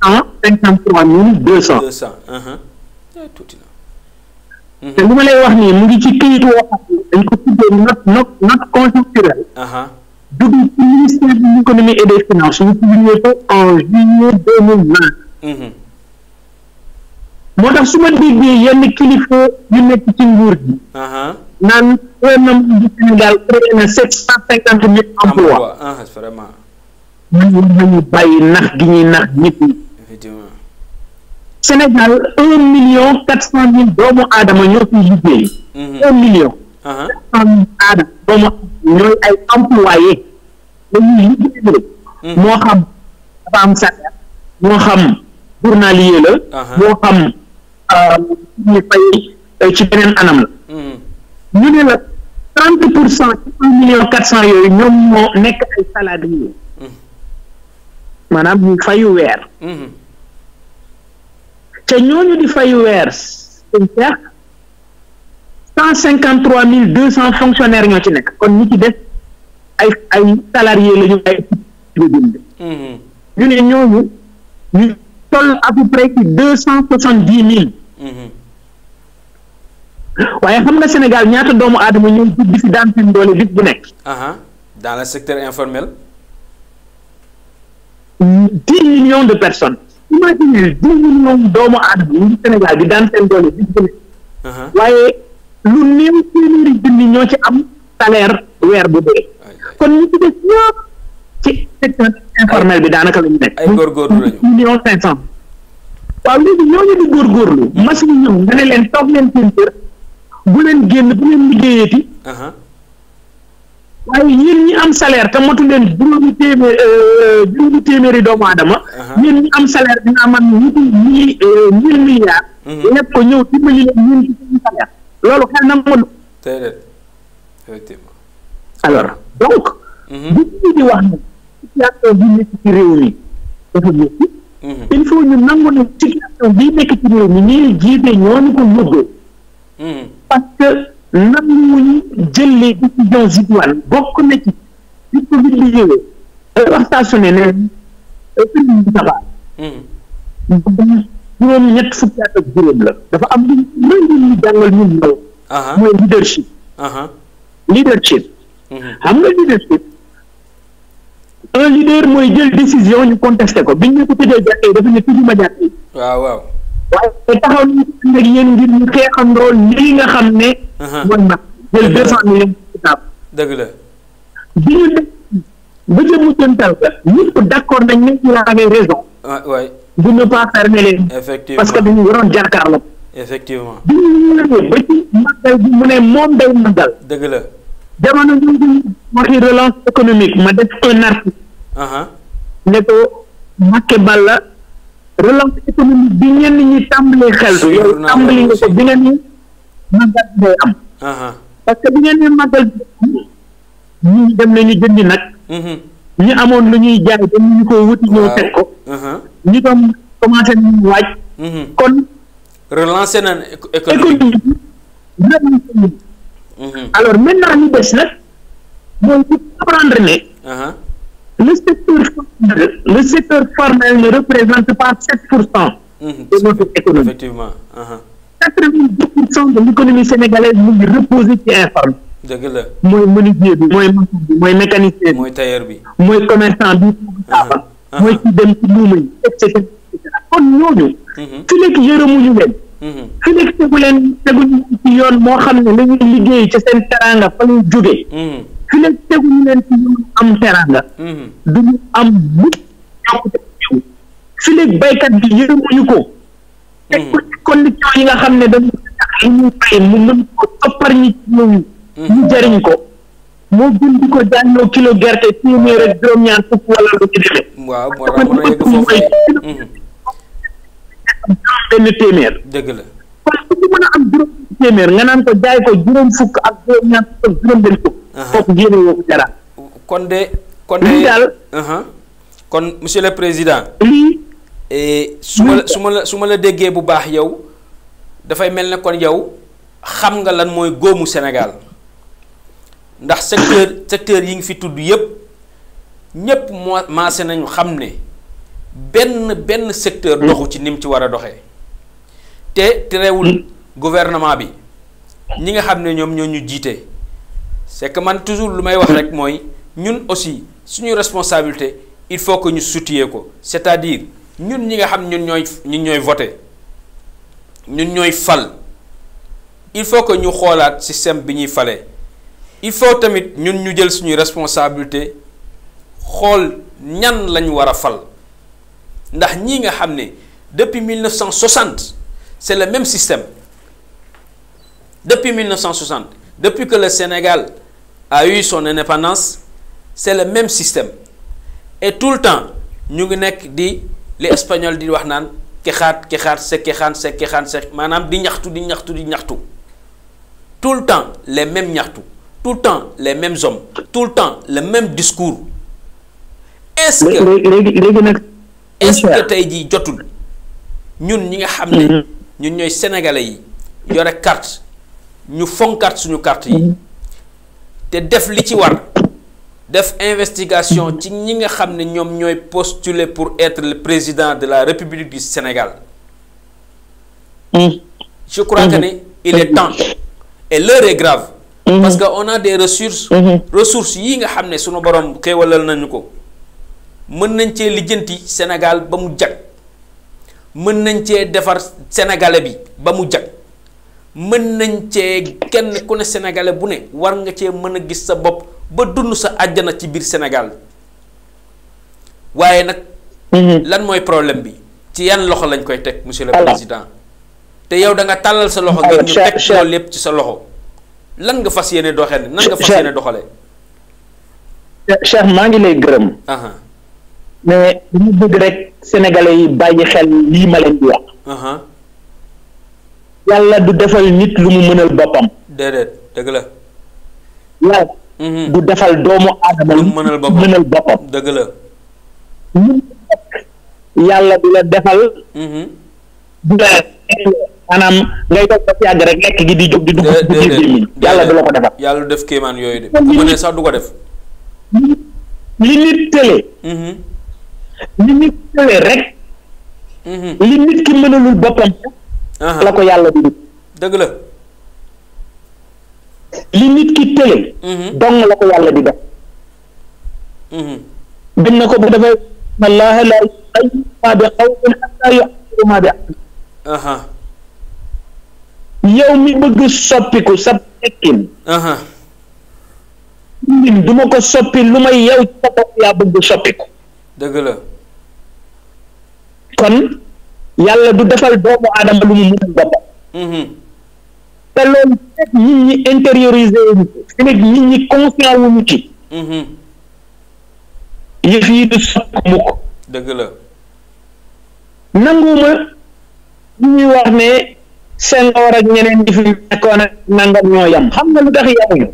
cent cinquante trois mille deux cent. te lu ma lay wax nii mu ngi ci këyit woo xam dañ ko tuddee note note note conjoncturelle. dugg ci ministère de l'économie ko en juillet deux mille mhm. moo tax su ma déggee yenn kilifa yu nekk ci nguur gi. naan gouvernement du cinquante mille emplois. vraiment. ñun war nañu bàyyi nax gi ñuy nax nit ñi. Sénégal un million quatre cent mille doomu aadama ñoo fi liggéey mhm. un million uh-huh. quatre cent mille aadama ñooy ay employé dañuy liggéey mhm. moo xam dafa am moo xam journalier la uh-huh. moo xam euh, euh, ci beneen anam la mhm. ñu ne la trente pour cent ci un million quatre cent yooyu ñoom moo nekk ay salarié maanaam ñu fayu weer te ñooñu di fay weer suñ seex cent cinquante trois mille deux cent fonctionnaires ñoo ci nekk kon ñi ci def ay ay salariés la ñu ay mhm. ñu ne ñooñu ñu toll à près ci deux cent soixante dix mille mhm. waaye xam na Sénégal ñaata doomu aadama ñoom di fi daan seen doole bis bu nekk
dans le secteur informel
dix millions de personnes su ma siy dix millions doomu aadama ñu ngi Sénégal di daan seen doole di gën
uh-huh.
waaye lu néew téeméeri junni ñoo ci am salaire weer bu dee kon ñu ci des ñëpp ci secteur informel bi daanaka la ñu nekk. ay góorgóorlu lañu million cinq cent. waaw léegi ñooñu di góorgóorlu machine ñëw nga ne leen toog leen seen kër bu leen génn bu leen liggéeyati. Uh-huh. waaye yéen ñi am salaire te matu leen juróomi téeméer euh, euh, juróomi téeméeri doomu aadama. Uh-huh. yéen ñi am salaire dinaa man ñetti mille euh, mille milliards. lépp uh-huh. ko ñëw dimbali leen ñun ci uh-huh. wax ne réew mi dafa métti. il faut ñu nangu ne nekk ci réew mi ñuy jiite ñoo ñu ko yóbbee. parce nan muy jëlee décision judiciaire bokk na ci di ko liggéeyee ay wax saa su bi saxaar juróom ñett fukki at ak juróom la dafa am lu lu ñu jàngal ñun ndaw mooy leadership leadership mhm. xam nga leadership mooy jël décision ñu contesté ko biñ ne ko tëjee jàkkee dafa ne tëjuma jàkkee waaw waaw waaye taxaw nañu ànd ak yéen nga xam ne. mooy nag jël deux ci taab. dëgg la. bi ñu def ba jëm jëntal ba ñëpp d' accord nañ ne il avait raison. waay bu ne pas fermer leen. parce que dañu waroon jàkkaarloo.
effectivement bi
ñu mu ne moom day màggal. dëgg la. jamono jooju waxi relance économique ma def un article. ne ko Macky Balla. relance économique bi ngeen ñi tàmbali xeltu yow tàmbali nga ko bi nga ni màggal day am parce que bi ngeen ne màggal ñu dem nañu jëndi nag mhm. ñu amoon lu ñuy jaay dañu ñu ko wuti ñëw teg ko ñu doon commencé nañu waaj
mhm. kon relancer nañ économie
bi mhm. alors maintenant ñu des nag mooy ñu comprendre ne le secteur le secteur formel ne représente pas 7 pour cent. Mhm. de notre économie.
effectivement. Uh-huh.
quatre-vingt-dix pour cent de l'économie sénégalaise mu ngi reposé ci
informel.
mooy menuisier bi mooy maçon bi mooy mécanicien bi mooy tailleur bi mooy commerçant bi. Uh-huh. Uh-huh. mooy ci dem ci luuma yi et cetera et cetera kon ñooñu. Mhm. fi nekk yërëmuñu leen. Mhm. fi nekk tegu leen teguñu ci yoon moo xam ne la ñuy liggéey ci seen teraanga fa ñuy jógee. fi leen teguñu leen ci mhm. ñu am teranga duñu am mukk yokkute fi leen baykat bi yërëmuñu ko mhm. teg ko ci condition yi nga xam ne dañu tax mu mën ko toppar ñi mhm. ci ko moo gën di ko jànnoo kilo gerte téeméer ak juróom-ñaar fukk wala
mu mooy
téeméer dëgg la kon ku ci mën a am juróom téeméer nga naan ko jaay ko juróom fukk ak juróom-ñaar fukk juróom benn fukk kooku uh-huh. génne woo
kon de kon de uh-huh. kon monsieur le président. Eh, lii. su ma la su ma la su déggee bu baax yow dafay mel ne kon yow xam nga lan mooy góomu Sénégal ndax secteur secteur yi ngi fi tudd yépp ñépp moo maase nañu xam ne benn benn secteur doxu ci nim ci war a doxee te terewul hmm. gouvernement bi ñi nga xam ne ñoom ñoo ñu jiite. c'est que man toujours lu may wax rek mooy ñun aussi suñu responsabilité il faut que ñu sutiyee ko c'est-à-dire ñun ñi nga xam ñun ñooy ñun ñooy voter ñun ñooy fal il faut que ñu xoolaat système bi ñuy fale il faut tamit ñun ñu jël suñu responsabilité xool ñan lañ war a fal ndax ñi nga xam ne depuis 1960 c'est le même système depuis 1960 Depuis que le Sénégal a eu son indépendance c'est le même système et tout le temps ñu ngi nekk di li espagnol di wax naan kexaat kexaat se kexaan se kexaan se maanaam di ñaxtu di ñaxtu di ñaxtu tout le temps les mêmes ñaxtu tout le temps les mêmes hommes tout le temps le même discours est-ce que léegi nag est-ce tey jii jotul ñun ñi nga xam ni mm-hmm. ñu ñooy sénégalais yi yore carte ñu fonkaat suñu carte yi mm-hmm. te def li ci war def investigation ci ñi nga xam ne ñoom ñooy postuler pour être le président de la République du Sénégal mm-hmm. je crois que ne il est temps et l'heure est grave mm-hmm. parce que on a des ressources ressources yii nga xam ne suñu borom xéewalal nañu ko mën nañ cee lijjanti Sénégal ba mu jag mën nañ cee defar sénégalais bi ba mu jag mën nañ cee kenn ku ne sénégalais bu ne war nga cee mën a gis sa bopp ba dund sa àjjana ci biir Sénégal waaye nag. Mhm. lan mooy problème bi ci yan loxo lañ koy teg monsieur le président. te yow danga tàllal sa loxo. ngir ñu teg loolu lépp ci sa loxo. lan nga fas yéene doxee nan nga fas yéene doxalee.
Cheikh maa ngi lay gërëm. mais ñu bëgg rek sénégalais yi bàyyi xel lii ma leen di wax. yàlla du defal nit lu mu mënal boppam.
déedéet dëgg la. yàlla. Mhm. du defal doomu aadama lu mu mënal boppam dëgg la. yàlla du la defal. Mhm. du la maanaam ngay toog ba si yàgg rek lekk gi di jóg di dugg ci biir gémmiñ yàlla du la ko defal. yàlla du def kéemaan yooyu de. bu mënee sax du ko def.
li nit tële. Mhm. li nit tële rek. li nit ki mënalul boppam. la ko yàlla bind. dëgg la. li nit ki tële. Mhm. dong la ko yàlla di de mhm. bind na ko bu defee wallaahi laa yuxayyiru maa bi yow mi bëgg soppiku sa tekkin. min ko soppi lu may yow ci sa bopp yaa bëgg soppiku. dëgg la. kon yàlla du defal doomu aadama lu mu mënul boppam mhm. te loolu fekk nit ñi intériorisé wuñu ko fekk nit ñi conscient wuñu ci
mhm. yëf yi du soppi mukk dëgg la
nanguma ñu ñuy wax ne Senghor ak ñeneen ñi fi nekkoon ak nangam ñoo yam xam nga lu tax yamuñu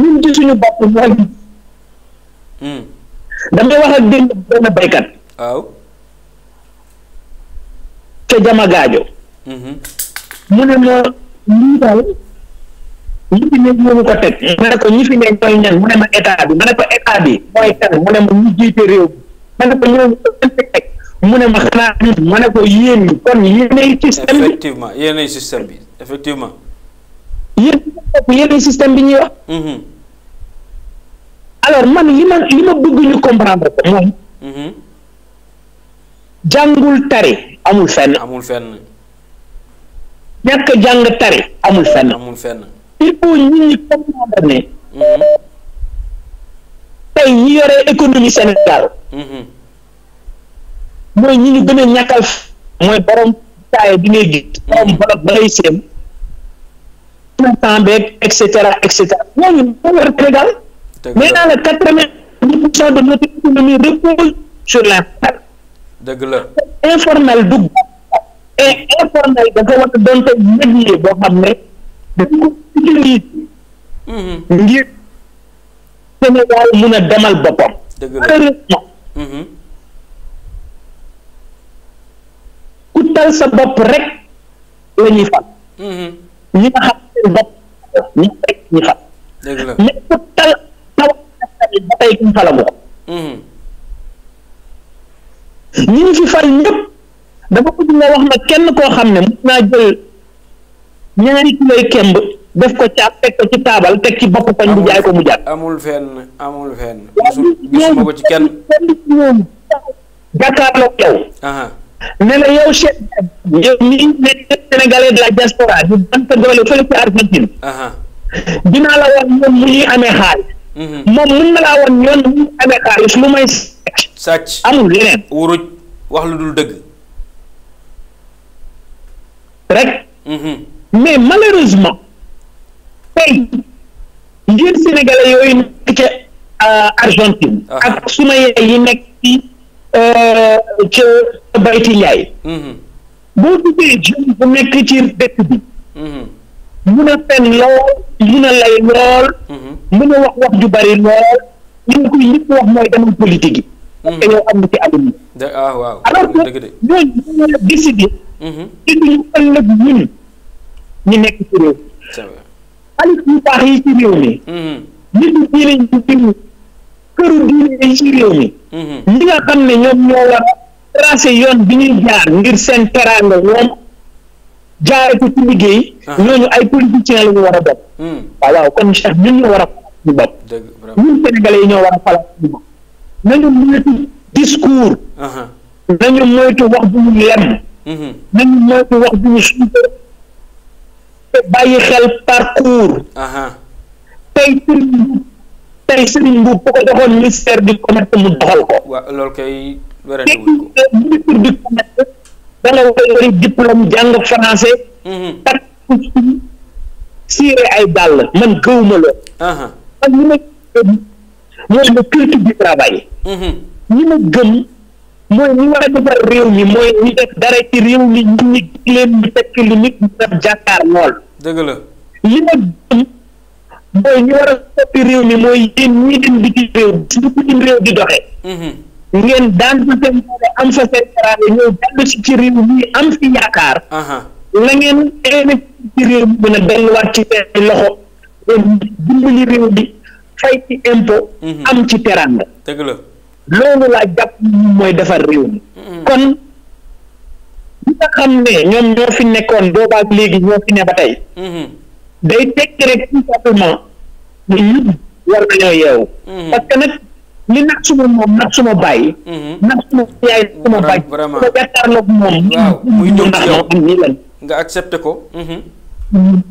ñun ci suñu bopp mooy mhm. damay wax ak démb benn baykat ca jama gaajo mhm. mu ne ma lii daal ñi fi ne ko teg ma ne ñi fi ne ñooy ñan mu ne ma état bi ma ne ko état bi mooy kan mu ne ma ñu jiite réew ma mu ne ma xanaa ma ne ko yéen kon yéenay système bi
effectivement yéenay bi effectivement
yéen yéenay système bi ñuy wax mhm. alors man li ma li ma bëgg ñu comprendre ko moom
mhm.
jàngul tari amul fenn. amul fenn. ñàkk jàng tari amul fenn. amul fenn. il faut ñun ñi comprendre ne. Mhm. tey ñi yore économie Sénégal. Mhm. mooy
ñi ñu gën a ñàkkal mooy borom taay bi ngay gis. Mhm. borom borom ba ngay séem. temps beeg et cetera et cetera ñooñu ñoo Sénégal. mais naa la quatre-vingt-dix pour cent de notre économie repose sur la dëgg la informel dugg et informel dafa war a doon tey métier boo xam ne dafa mhm. ngir Sénégal demal boppam malheureusement mhm. ku tal sa bopp rek la fal mhm. ñi nga xam seen bopp ñi ku tal tawa ba tey kuñ falagu ñi ñu fi fal ñëpp dafa bëgg nga wax na kenn koo xam ne mën naa jël ñaari kiloy kemb def ko caab teg ko ci taabal teg ci bopp koñ bi jaay ko mu jàpp.
amul fenn amul fenn.
gisuma ko ci kenn ñoom jàkkaarloog yow. ne la yow chef yow la diaspora di ban sa doole ci Argentine. dinaa la wax ñoom mu ñuy amee xaalis.
Mhm. moom
mën na laa woon yoon mu amee xaalis lu may sàcc amul leneen wuruj wax lu dul dëgg rek mhm. mais
malheureusement tey yéen sénégalais yooyu nekk ca euh, Argentine ah. ak suma yaay yi nekk ci euh, ca Bayti Njaay mhm. boo duggee jeune bu nekk ci dëkk bi mun a fen lool mun a lay lool. Mm-hmm. mun a wax wax ju bari lool li ñu koy yëpp wax mooy demal politique yi. parce que yow am na ci adduna.
dë ah waaw alors que
ñooñu ñoo la décidé. ci mm-hmm. duñu ëllëg ñun ñu nekk ci réew. xaalis yu baax yi ci réew mi. Mm-hmm. nit ñi diine yi ci réew mi këru diine yi ci réew mi. ñi nga xam ne ñoom ñoo war a tracé yoon bi ñuy jaar ngir seen teraanga ñoom. jaare ko ci liggéey. Ah. ñooñu ay politiciens la ñu war a bopp. waaw hmm. ah, waaw kon Cheikh ñun ñoo a falaat ñu bopp. ñun Sénégalais yi ñoo war a falaat ñu bopp. nañu moytu discours. nañu moytu wax bu ñu lem. Hmm. nañu moytu wax bu ñu suufee. te bàyyi xel parcours. tey sëriñ bu tey sëriñ bu bu ko joxoon ministère du commerce mu doxal ko. dala war a diplôme jàng français mhm. tak ay dàll man gëwuma lool ak ñi ma gëm mooy le culture du travail ñi mhm. ma gëm mooy ñi war a defar réew mi mooy ñi def dara ci réew mi ñi ñi leen ñu tekk li nit ñu def jàkkaar lool dëgg la li ma gëm mooy ñi war a soppi réew mi mooy yéen ñi di doxe mhm. ngeen daan fa seen doole am fa seen karaale ñëw dellu ci réew mi am fi yaakaar la ngeen investi ci réew mi na delluwaat ci seen loxo ngeen dimbali réew ci impôt mhm. am ci teranga loolu laa jàpp mooy defar réew mi mhm. kon ñi nga xam ne ñoom ñoo fi nekkoon boobaak léegi ñoo fi ne ba tey mhm. day tekk rek tout simplement ñu war nañoo yeewu parce nag li nag suma moom nag suma bàyyi. Mhm. nag suma yaay suma bàyyi. vraiment nga jàkkaarloog moom. waaw muy ñëw ci yow am nii lan.
nga accepté ko. Mhm.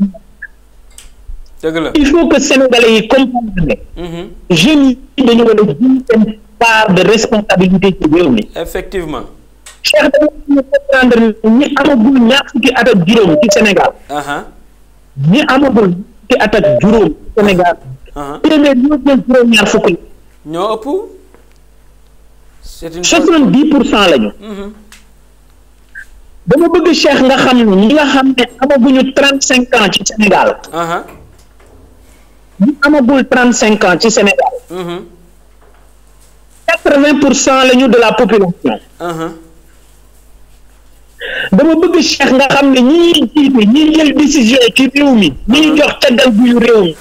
dëgg la il faut que
sénégalais yi comprendre ne. Mhm. jeunes yi dañu war a jël seen part de responsabilité ci réew mi.
effectivement.
cheikh da nga comprendre ñi amagul ñaar fukki at ak juróom ci Sénégal. ñi amagul ñaar fukki at ak juróom Sénégal. téeméer ñoo jël juróom ñaar fukki.
ñoo ëpp. c'est une dix pour cent lañu. Mhm.
dama bëgg Cheikh nga xam ne ñi nga xam ne amaguñu trente cinq ans ci Sénégal. ñu amagul trente cinq ans ci Sénégal. Mhm. quatre vingt pour cent lañu de la population. dama bëgg Cheikh nga xam ne ñi ñuy jiite ñi jël décision ci réew mi ñi jox tëggal buyu réew mi.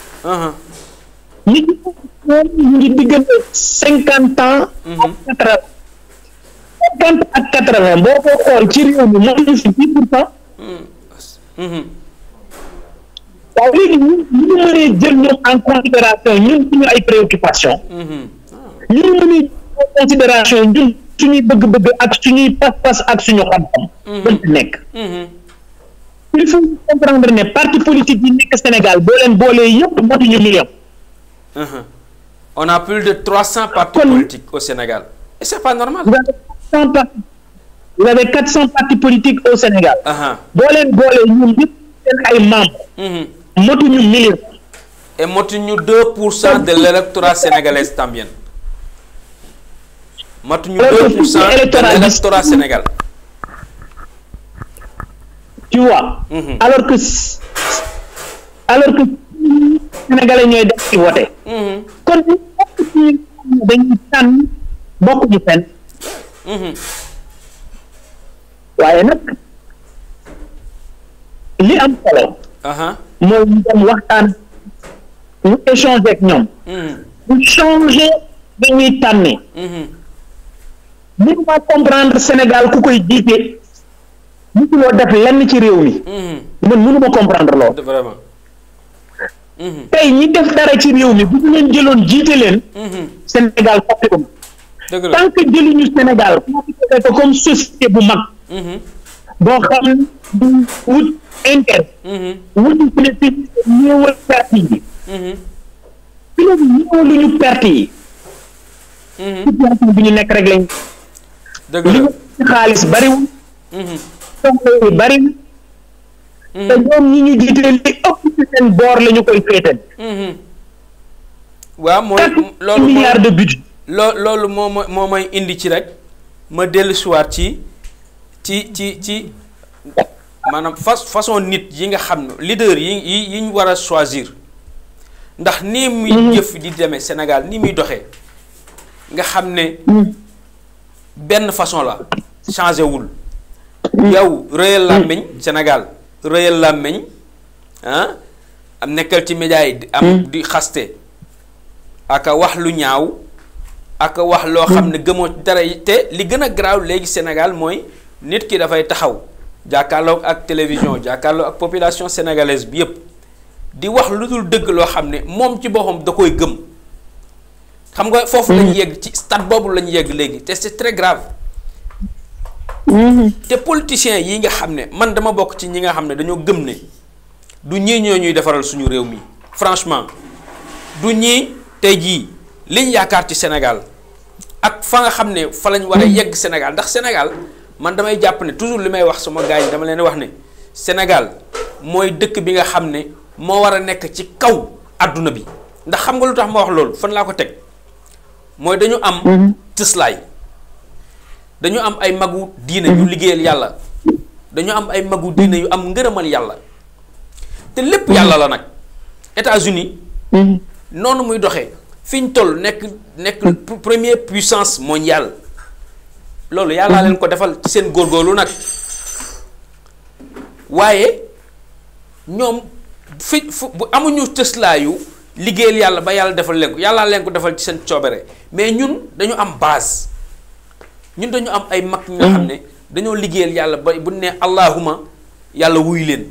ñoom ñu ngi diggante cinquante ans. ak mhm. quatre vingt. cinquante ak quatre boo ko xool ci réew mi moom la si dix pour cent.
Mm. Mhm.
waaw léegi ñu ñu mënee jël ñoom en considération ñun suñu ay préoccupation mhm. ñu ñu mënee jël considération ñun suñuy bëgg-bëgg ak suñuy pas-pas ak suñu xam-xam dañ nekk parti politique yi nekk Sénégal boo leen boolee yëpp matuñu million
on a plus de 300 partis politiques au Sénégal et c'est pas normal.
vous avez 400 partis politiques au Sénégal. Ah ah. boo leen boolee ñun ñëpp seen ay
mhm. cent de l'électorat sénégalais también. motuñu 2 pour cent de sénégal. tu mhm. alors
que alors que. Sénégalais ñooy def ci vote mm-hmm. kon dañuy tànn bokkuñu fenn
mm-hmm. waaye nag
li am solo uh-huh. mooy ñu dem waxtaan ñu échanger ak ñoom mm-hmm. ñu changer dañuy tànne mënuma comprendre Sénégal ku koy jiite mënuloo def lenn ci réew mi man mënuma comprendre loolu Mhm. tey ñi def dara ci réew mi bu ñu leen jëloon jiite leen. Mhm. Sénégal fàtte ko. dëgg la tant Sénégal comme société bu mag.
Mhm. boo
xam du wut intérêt. wutu philosophie ñëwal perte yi. philosophie ñëwaluñu perte yi. situation bi ñu nekk rek lañ.
dëgg li ñu xaalis bariwul.
soxla yi bariwul. te mm-hmm. ñoom ñi ñu koy
féetal. Mm-hmm. waaw mooy loolu de budget. loo moo may indi ci rek ma dellu siwaat ci ci ci ci maanaam fa nit yi nga xam ne leader yi yi yi war a choisir ndax ni muy mm-hmm. jëf di demee Sénégal nii muy doxee nga xam ne benn façon la changé wul yow rëyal làmmiñ Sénégal rëyal làmmiñ ah, am nekkal ci média yi am hmm. di xaste aka wax lu ñaaw aka wax loo xam hmm. ne gëmoo dara te li gën a garaaw léegi Sénégal mooy nit ki dafay taxaw jàkkaarloog ak télévision jàkkaarloog ak population sénégalaise bi yépp di wax lu dul dëgg loo xam ne moom ci boppam da koy gëm xam nga foofu hmm. lañu yegg ci stade boobu lañu yegg léegi te c'est très grave te politiciens yi nga xam ne man dama bokk ci ñi nga xam ne dañoo gëm ne du ñii ñoo ñuy defaral suñu réew mi franchement du ñii tey jii liñ yaakaar ci Sénégal ak fa nga xam ne fa lañ war a mm-hmm. yegg Sénégal ndax Sénégal man damay jàpp ne toujours li may wax suma gars yi dama leen wax ne Sénégal mooy dëkk bi nga xam ne moo war a nekk ci kaw àdduna bi ndax xam nga lu tax ma wax loolu fan laa ko teg mooy dañu am mm-hmm. tëslaay dañu am ay magu diine yu mhm. liggéeyal yàlla dañu am ay magu diine yu am ngërëmal yàlla te lépp mhm. yàlla la nag États-Unis mhm. noonu muy doxee fi ñu toll nekk nekk première puissance mondiale loolu yàllaa leen ko defal ci seen góorgóorlu nag waaye ñoom fi fu bu amuñu tëslaayu liggéeyal yàlla ba yàlla defal leen ko yàllaa leen ko defal ci seen coobere mais ñun dañu am base ñun dañu am ay mag ñoo xam ne dañoo liggéeyal yàlla ba bu ne allahuma yàlla wuy leen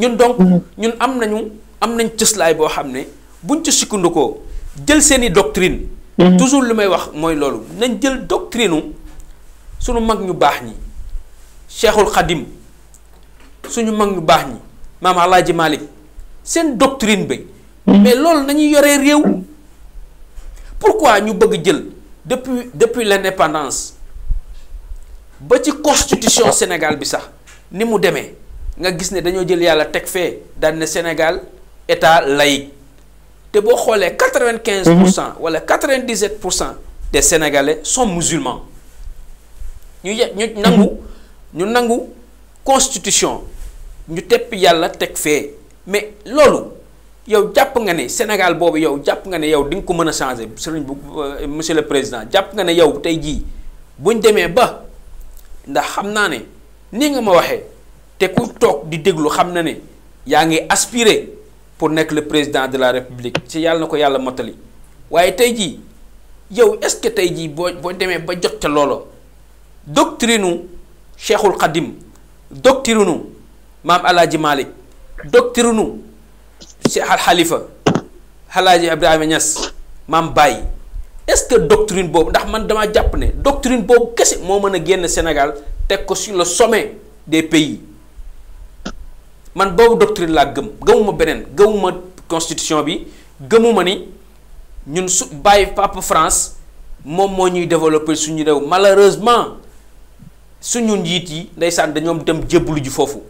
ñun donc mhm. ñun am nañu am nañ cëslaay boo xam ne buñ ci sukkandikoo jël seeni doctrine mhm. toujours li may wax mooy loolu nañ jël doctrine suñu mag ñu baax ñi cheikhul xadim suñu mag ñu baax ñi maam alaaji malik seen doctrine bi mhm. mais loolu nañuy yoree réew pour pourquoi ñu bëgg jël depuis depuis l'indépendance ba ci constitution Sénégal bi sax ni mu demee nga gis ne dañoo jël yàlla teg fee daan ne Sénégal état laïque te boo xoolee quatre vingt quinze pour cent mhm. wala quatre vingt dix sept pour cent des Sénégalais sont musulmans ñu ye ñu nangu mhm. ñu nangu constitution ñu tepp yàlla teg fee mais loolu. yow jàpp nga ne Sénégal boobu yow jàpp nga ne yow di nga ko mën a changer sëriñ bu euh, monsieur le président jàpp nga ne yow tey jii buñ demee ba ndax xam naa ne ni nga ma waxee te ku toog di déglu xam na ne yaa ngi aspirer pour nekk le président de la république ci yàlla na ko yàlla mottali waaye tey jii yow est-ce que tey jii boo boo demee ba jot ca loolo doctrinu Cheikhul Khadim doctrinu maam El Hadj Malick ci al xalifa xalaaji Ibrahima Niass maam Baye est-ce que doctrine boobu ndax man damaa jàpp ne doctrine boobu kese moo mën a génn Sénégal teg ko sur le sommet des pays man boobu doctrine laa gëm gëmuma beneen gëmuma constitution bi gëmuma ni ñun su bàyyi Papa France moom moo ñuy développer suñu réew malheureusement suñu njiit yi ndeysaan dañoom dem jébbalu ji foofu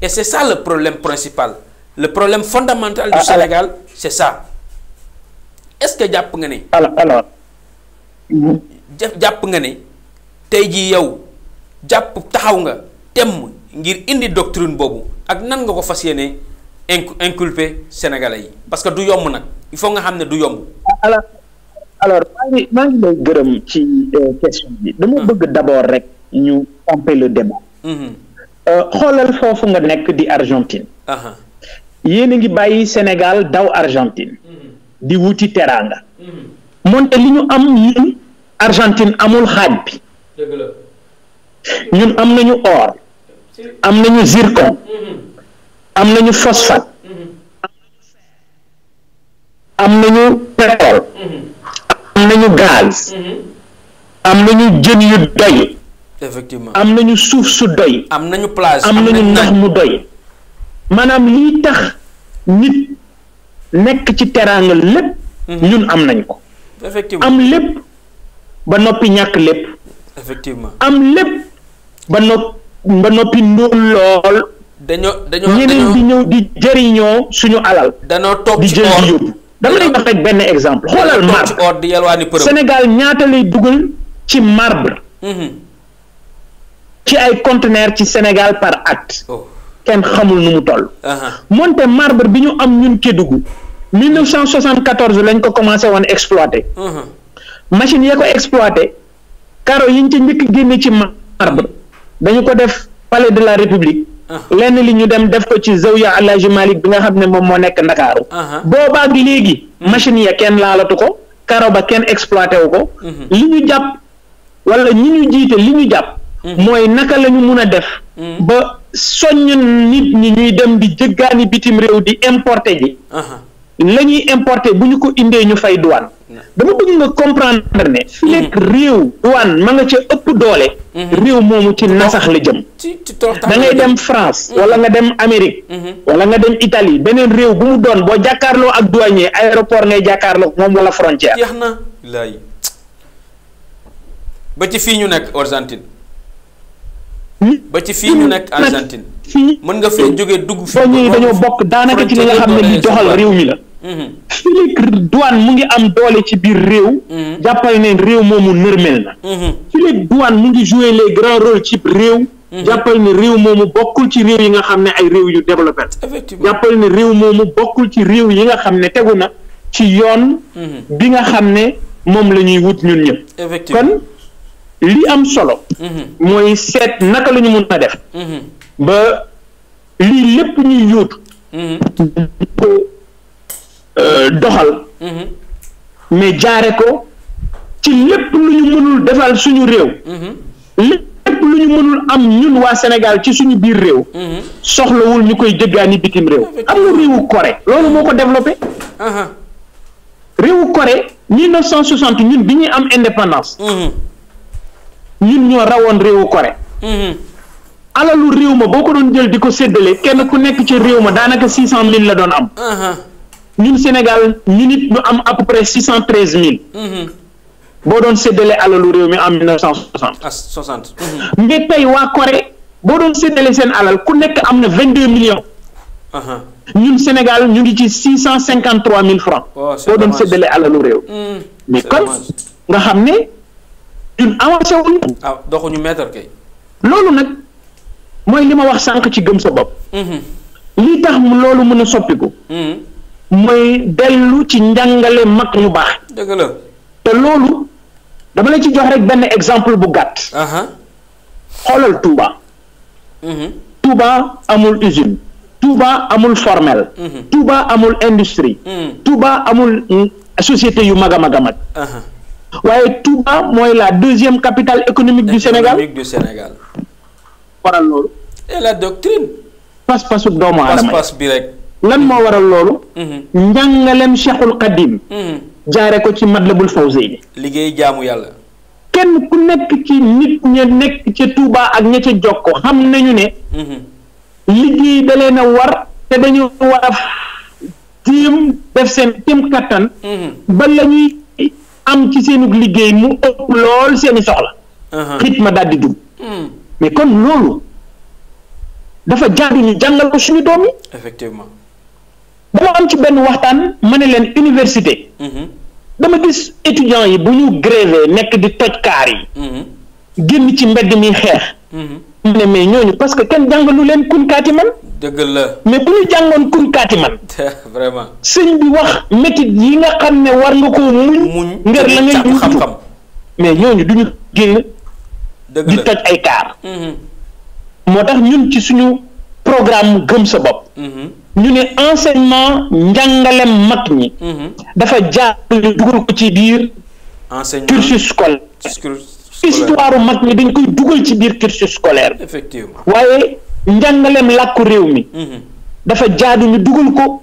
et c'est ça problème principal le problème fondamental du ah, Sénégal c'est ça est-ce que jàpp nga ne. alors jàpp nga ne tey jii yow jàpp taxaw nga temm ngir indi doctrine boobu ak nan nga ko fas yéene inc inculper sénégalais yi parce que du yomb nag il faut nga xam ne du yomb. alors
alors maa ngi maa ngi lay gërëm ci euh, question bi. dama hmm. bëgg d'abord rek ñu camper le débat. Hmm. Euh, xoolal foofu nga nekk di Argentine. yéen a ngi bàyyi Sénégal daw Argentine di wuti teraanga moonte li ñu am ñun Argentine amul xaaj bi ñun am nañu or am nañu zircon am nañu phosphate am nañu pétrole am nañu gaz am nañu jën yu doy effectivement am nañu suuf su doy am nañu plage am nañu ndox mu doy maanaam liy tax nit nekk ci teraanga lépp. Mhm. ñun am nañ ko.
effectivement am lépp ba noppi ñàkk lépp. effectivement am lépp ba noppi noppi ndóol lool. dañoo dañoo ñeneen di ñëw di jëriñoo suñu alal. danoo toog ci or di jël di yóbbu. dama lay wax rek benn exemple. xoolal marbre
Sénégal ñaata lay dugal ci marbre. Mhm. ci ay conteneur ci Sénégal par at. Oh. kenn xamul nu mu toll. moonte marbre bi ñu am ñun Kédougou 1974 lañ ko commencé woon exploité. machine ya ko exploité caro yiñ ci njëkk génne ci marbre dañu ko def palais de la république. lenn li ñu dem def ko ci Zawiya Alhaji Malick bi nga xam ne moom moo nekk Ndakaaru. boobaag léegi mhm. machine ya kenn laalatu ko caro ba kenn exploité wu ko. Mhm. li ñu jàpp wala ñi ñu jiite li ñu jàpp. mooy naka la ñu mun a def mm. ba soññ nit ñi ñuy dem di jëggaani bitim réew di importer ji uh-huh. la ñuy importer bu ñu ko indee ñu fay douane dama bëgg nga comprendre ne fi nekk mm-hmm. réew douane ma nga ca ëpp doole mm-hmm. réew moomu ci nasax la jëm da ngay dem France mm-hmm. wala nga dem Amérique wala nga dem Italie beneen réew bu mu doon boo jàkkaarloo ak douanier aéroport ngay jàkkaarloo moom wala frontière
ba ci fii ñu nekk Argentine ba ci fii ñu nekk Argentine. mën nga fee jógee dugg fii. dañoo
bokk daanaka ci li nga xam ne li doxal réew mi la. Mhm. fii douane mu ngi am doole ci biir réew. Mhm. jàppal ne réew moomu nërmel na. Mhm. fii mu ngi jouer les grands ci réew. jàppal ne réew moomu bokkul ci réew yi nga xam ne ay réew yu développé la. jàppal ne réew moomu bokkul ci réew yi nga xam ne tegu na ci yoon. bi nga xam ne moom la ñuy wut ñun ñëpp. kon li am solo. Mhm. mooy seet naka la ñu mun a def. Mhm. ba lii lépp ñuy yóotu. Mhm. ko euh, doxal. mais jaare ko ci lépp lu ñu mënul defal suñu réew. lépp lu ñu mënul am ñun waa Sénégal ci suñu biir réew. soxlawul ñu koy jëggaani bitim réew. am na réewu Corée loolu moo ko développé. Uh-huh. réewu Corée 1960 ñun bi ñuy am indépendance. ñun ñoo rawoon réewu Corée. Mm-hmm. alalu réew ma boo ko doon jël di ko séddale kenn ku nekk ci réew ma daanaka six cent mille la doon am. Uh-huh. ñun Sénégal ñu nit ñu am à près six cent treize mille. Mm-hmm. boo doon séddale alalu réew mi en mille neuf cent soixante.
Ah,
mm-hmm. mais tey waa Corée boo doon séddale seen alal ku nekk am na vingt deux millions. Uh-huh. ñun Sénégal ñu ngi ci six cent cinquante trois mille francs. Oh, doon séddale alalu
mm, mais kon nga xam ne. ñun avancé wuñu ah loolu nag mooy li ma wax sànq ci gëm sa bopp. Mhm. li tax
loolu mën a soppiku. Mhm. mooy dellu ci njàngale mag ñu baax. dëgg te loolu dama la ci jox rek benn exemple bu gàtt. xoolal Touba. Mhm. Touba amul usine. Touba amul formel. Touba amul industrie. Touba amul société yu mag a mag
a mag. waaye Touba mooy la deuxième capital économique du Sénégal économique du Sénégal. waral loolu. et la doctrine. pas-pasu doomu aadama bi rek. lan moo waral loolu.
Mhm.
njàngaleem Cheikhul Qadim. Mhm. jaare ko ci la Matlabul Fawzayni.
liggéey
jaamu yàlla.
kenn ku nekk ci nit ña nekk ca Touba ak ña ca Jokko xam nañu ne. Mhm. liggéey da leen a war te dañu war tiim def seen tiim kattan. ba la am ci seenug liggéey mu ëpp lool seeni soxla
uh-huh. xit ma daal
di dugg hmm. mais kon loolu dafa jaadu ñu jàngal suñu doom yi effectivement dama am ci benn waxtaan ma ne leen université mm-hmm. dama gis étudiants yi bu ñu grévé nekk di toj kaar yi mm-hmm. génn ci mbedd mi xeex mm-hmm. ne mais ñooñu parce que kenn jàngalu leen kunkaati man dëgg la mais bu ñu jàngoon kunkaati
man. vraiment
sëñ bi wax métit yi nga xam ne war nga koo muñ. muñ ngir la ngay mutu mais ñooñu du ñu génn. dëgg toj ay kaar. Mm-hmm. moo tax ñun ci suñu programme gëm sa bopp. Mm-hmm. ñu ne enseignement njàngalem mag ñi. Mm-hmm. dafa jaar ñu dugal ko ci biir.
enseignement cursus scolaire.
histoire mag ñi dañ koy dugal ci biir cursus scolaire. waaye. njàngaleem làkku réew mi mm-hmm. dafa jaadu ñu dugal ko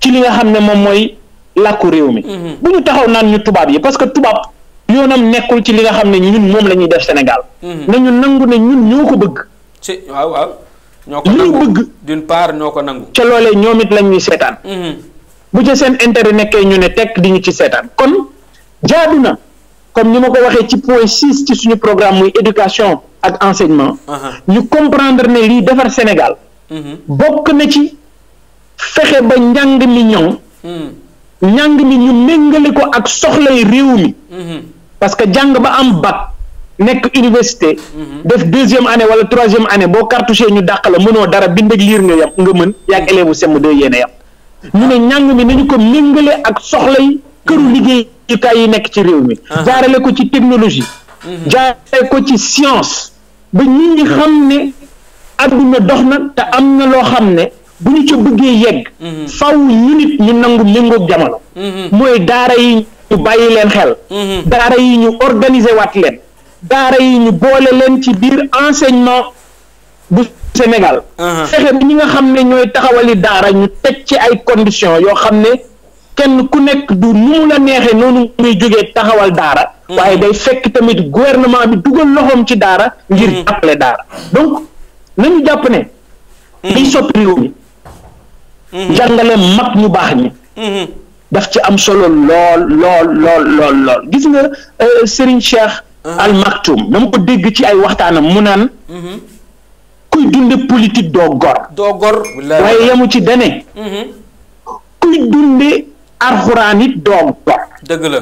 ci li nga xam ne moom mooy làkku réew mi mm-hmm. bu ñu taxaw naan ñu tubaab yi parce que tubaab yoonam nekkul ci li nga xam ne ñun moom la ñuy def Sénégal mm-hmm. nañu nangu ne
ñun ñoo ko bëgg ci waaw waaw ñoo ko bëgg ñoo ko nangu ca loolee ñoom it lañuy seetaan bu ca seen intérêt nekkee ñu ne tekk di ñu ci seetaan kon
jaadu na comme ni ma ko waxee ci point six ci suñu programme muy éducation ak enseignement. Uh-huh. ñu comprendre ne lii defar Sénégal. Uh-huh. bokk na ci fexe ba njàng mi ñoŋ. Hmm. njàng mi ñu méngale ko ak soxlay réew mi. Uh-huh. parce que jàng ba am bac nekk université. def deuxième année wala troisième année boo cartouché ñu dàq la mënoo dara bind ak liir nga yam nga mën yaag hmm. élèves sem de yéen yam ñu ne njàng mi nañu ko méngale ak soxlay këru liggéey liggéeyukaay yi nekk ci réew mi. jaarale ko ci technologie. jaaree ko ci science ba nit ñi xam ne adduna dox na te am na loo xam ne bu ñu ci buggee yegg mhm. faw ñu nit ñu nangu lingoog jamono mhm. mooy daara yi ñu bàyyi leen xel mhm. daara yi ñu organiser waat leen daara yi ñu boole leen ci biir enseignement bu Sénégal uh-huh. fexe bi ñi nga xam ne ñooy taxawali daara ñu teg ci ay conditions yoo xam ne kenn ku nekk du nu mu la neexee noonu muy jógee taxawal daara waaye mm-hmm. day fekk tamit gouvernement bi dugal loxoom ci daara ngir mm-hmm. jàppale daara donc nañu jàpp ne mm-hmm. liy soppi réew mi jàngale mag ñu baax ñi daf ci am solo lool lool lool lool gis nga euh, Serigne Cheikh uh-huh. Al Maktoum dama ko dégg ci ay waxtaanam mu naan kuy dunde politique doo gor
doo gor waaye yemu ci dane
kuy dunde arxuraan it doo gor
dëgg la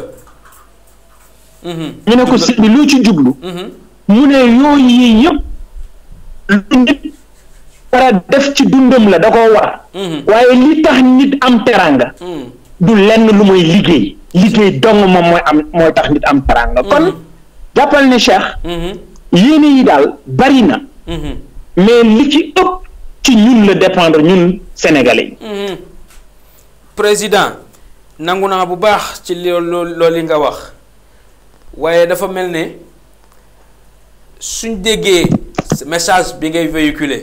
ñu ne ko sëñ bi lu ci jublu
mu ne yooyu yi yëpp lu nit war def ci dundam la da koo war waaye li tax nit am teranga du lenn lu mooy liggéey liggéey dong moom mooy am mooy tax nit am teranga kon jàppal ne Cheikh yéene yi daal bari na mais li ci ëpp ci ñun la dépendre ñun sénégalais
président nangu naa bu baax ci loolu loolu li nga wax waaye dafa mel ne suñ déggee message bi ngay véhiculer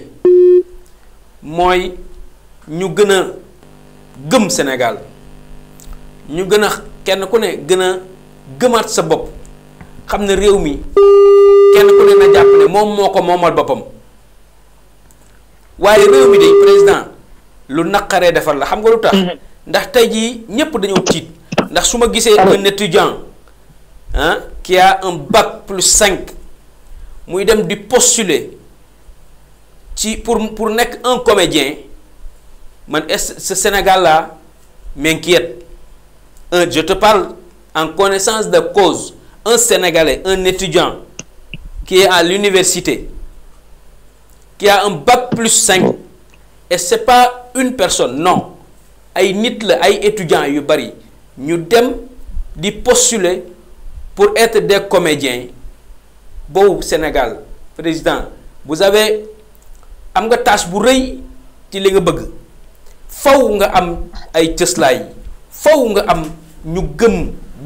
mooy ñu gën a gëm Sénégal ñu gën a kenn ku ne gën a gëmaat sa bopp xam ne réew mi kenn ku ne na jàpp moom moo ko moomal boppam waaye réew mi day président lu naqaree defar la xam nga lu tax mm-hmm. ndax tey jii ñépp dañoo tiit ndax su ma gisee un étudiant ah qui a un bac plus 5 muy dem di postuler ci pour pour nekk un comédien man est ce Sénégal là m'inquiète un je te parle en connaissance de cause un Sénégalais un étudiant qui est à l'université qui a un bac plus cinq est c'est pas une personne non ay nit la ay étudiants yu bari ñu dem di postuler pour être des comédiens boobu Sénégal président vous avez am nga tâche bu rëy ci li nga bëgg faw nga am ay cëslaay fow nga am ñu gëm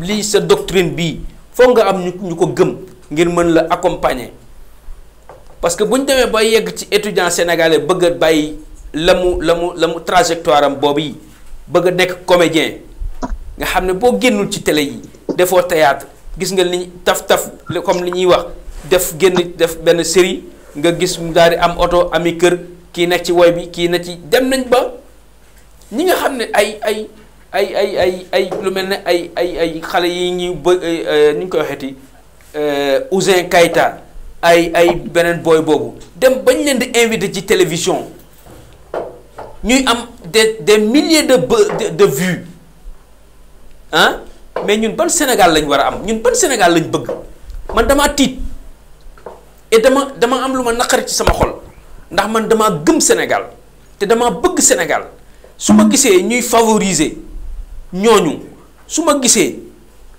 lii sa doctrine bi faw nga am ñu ko gëm ngir mën la accompagner parce que bu ñu demee ba yegg ci étudiant sénégalais bëgg a bàyyi la mu la mu la mu trajectoire am boobu yi bëgg a nekk comédien nga xam ne boo génnul ci télé yi defoo théâtre gis nga li taf-taf comme li ñuy wax def génn def benn série nga gis mu daal di am oto ami kër kii nekk ci woy bi kii na ci dem nañ ba ñi nga xam ne ay ay ay ay ay ay lu mel ni ay ay ay xale yi ñuy bë ni ñu koy waxeeti euh, Ouzin Keita ay ay beneen booy boobu dem bañ leen di invité ci télévision ñuy am des des milliers de de de vues mais ñun ban Sénégal lañu war a am ñun ban Sénégal lañ bëgg man damaa tiit et dama dama am lu ma naqari ci sama xol ndax man dama gëm Sénégal te dama bëgg Sénégal su ma gisee ñuy favoriser ñooñu su ma gisee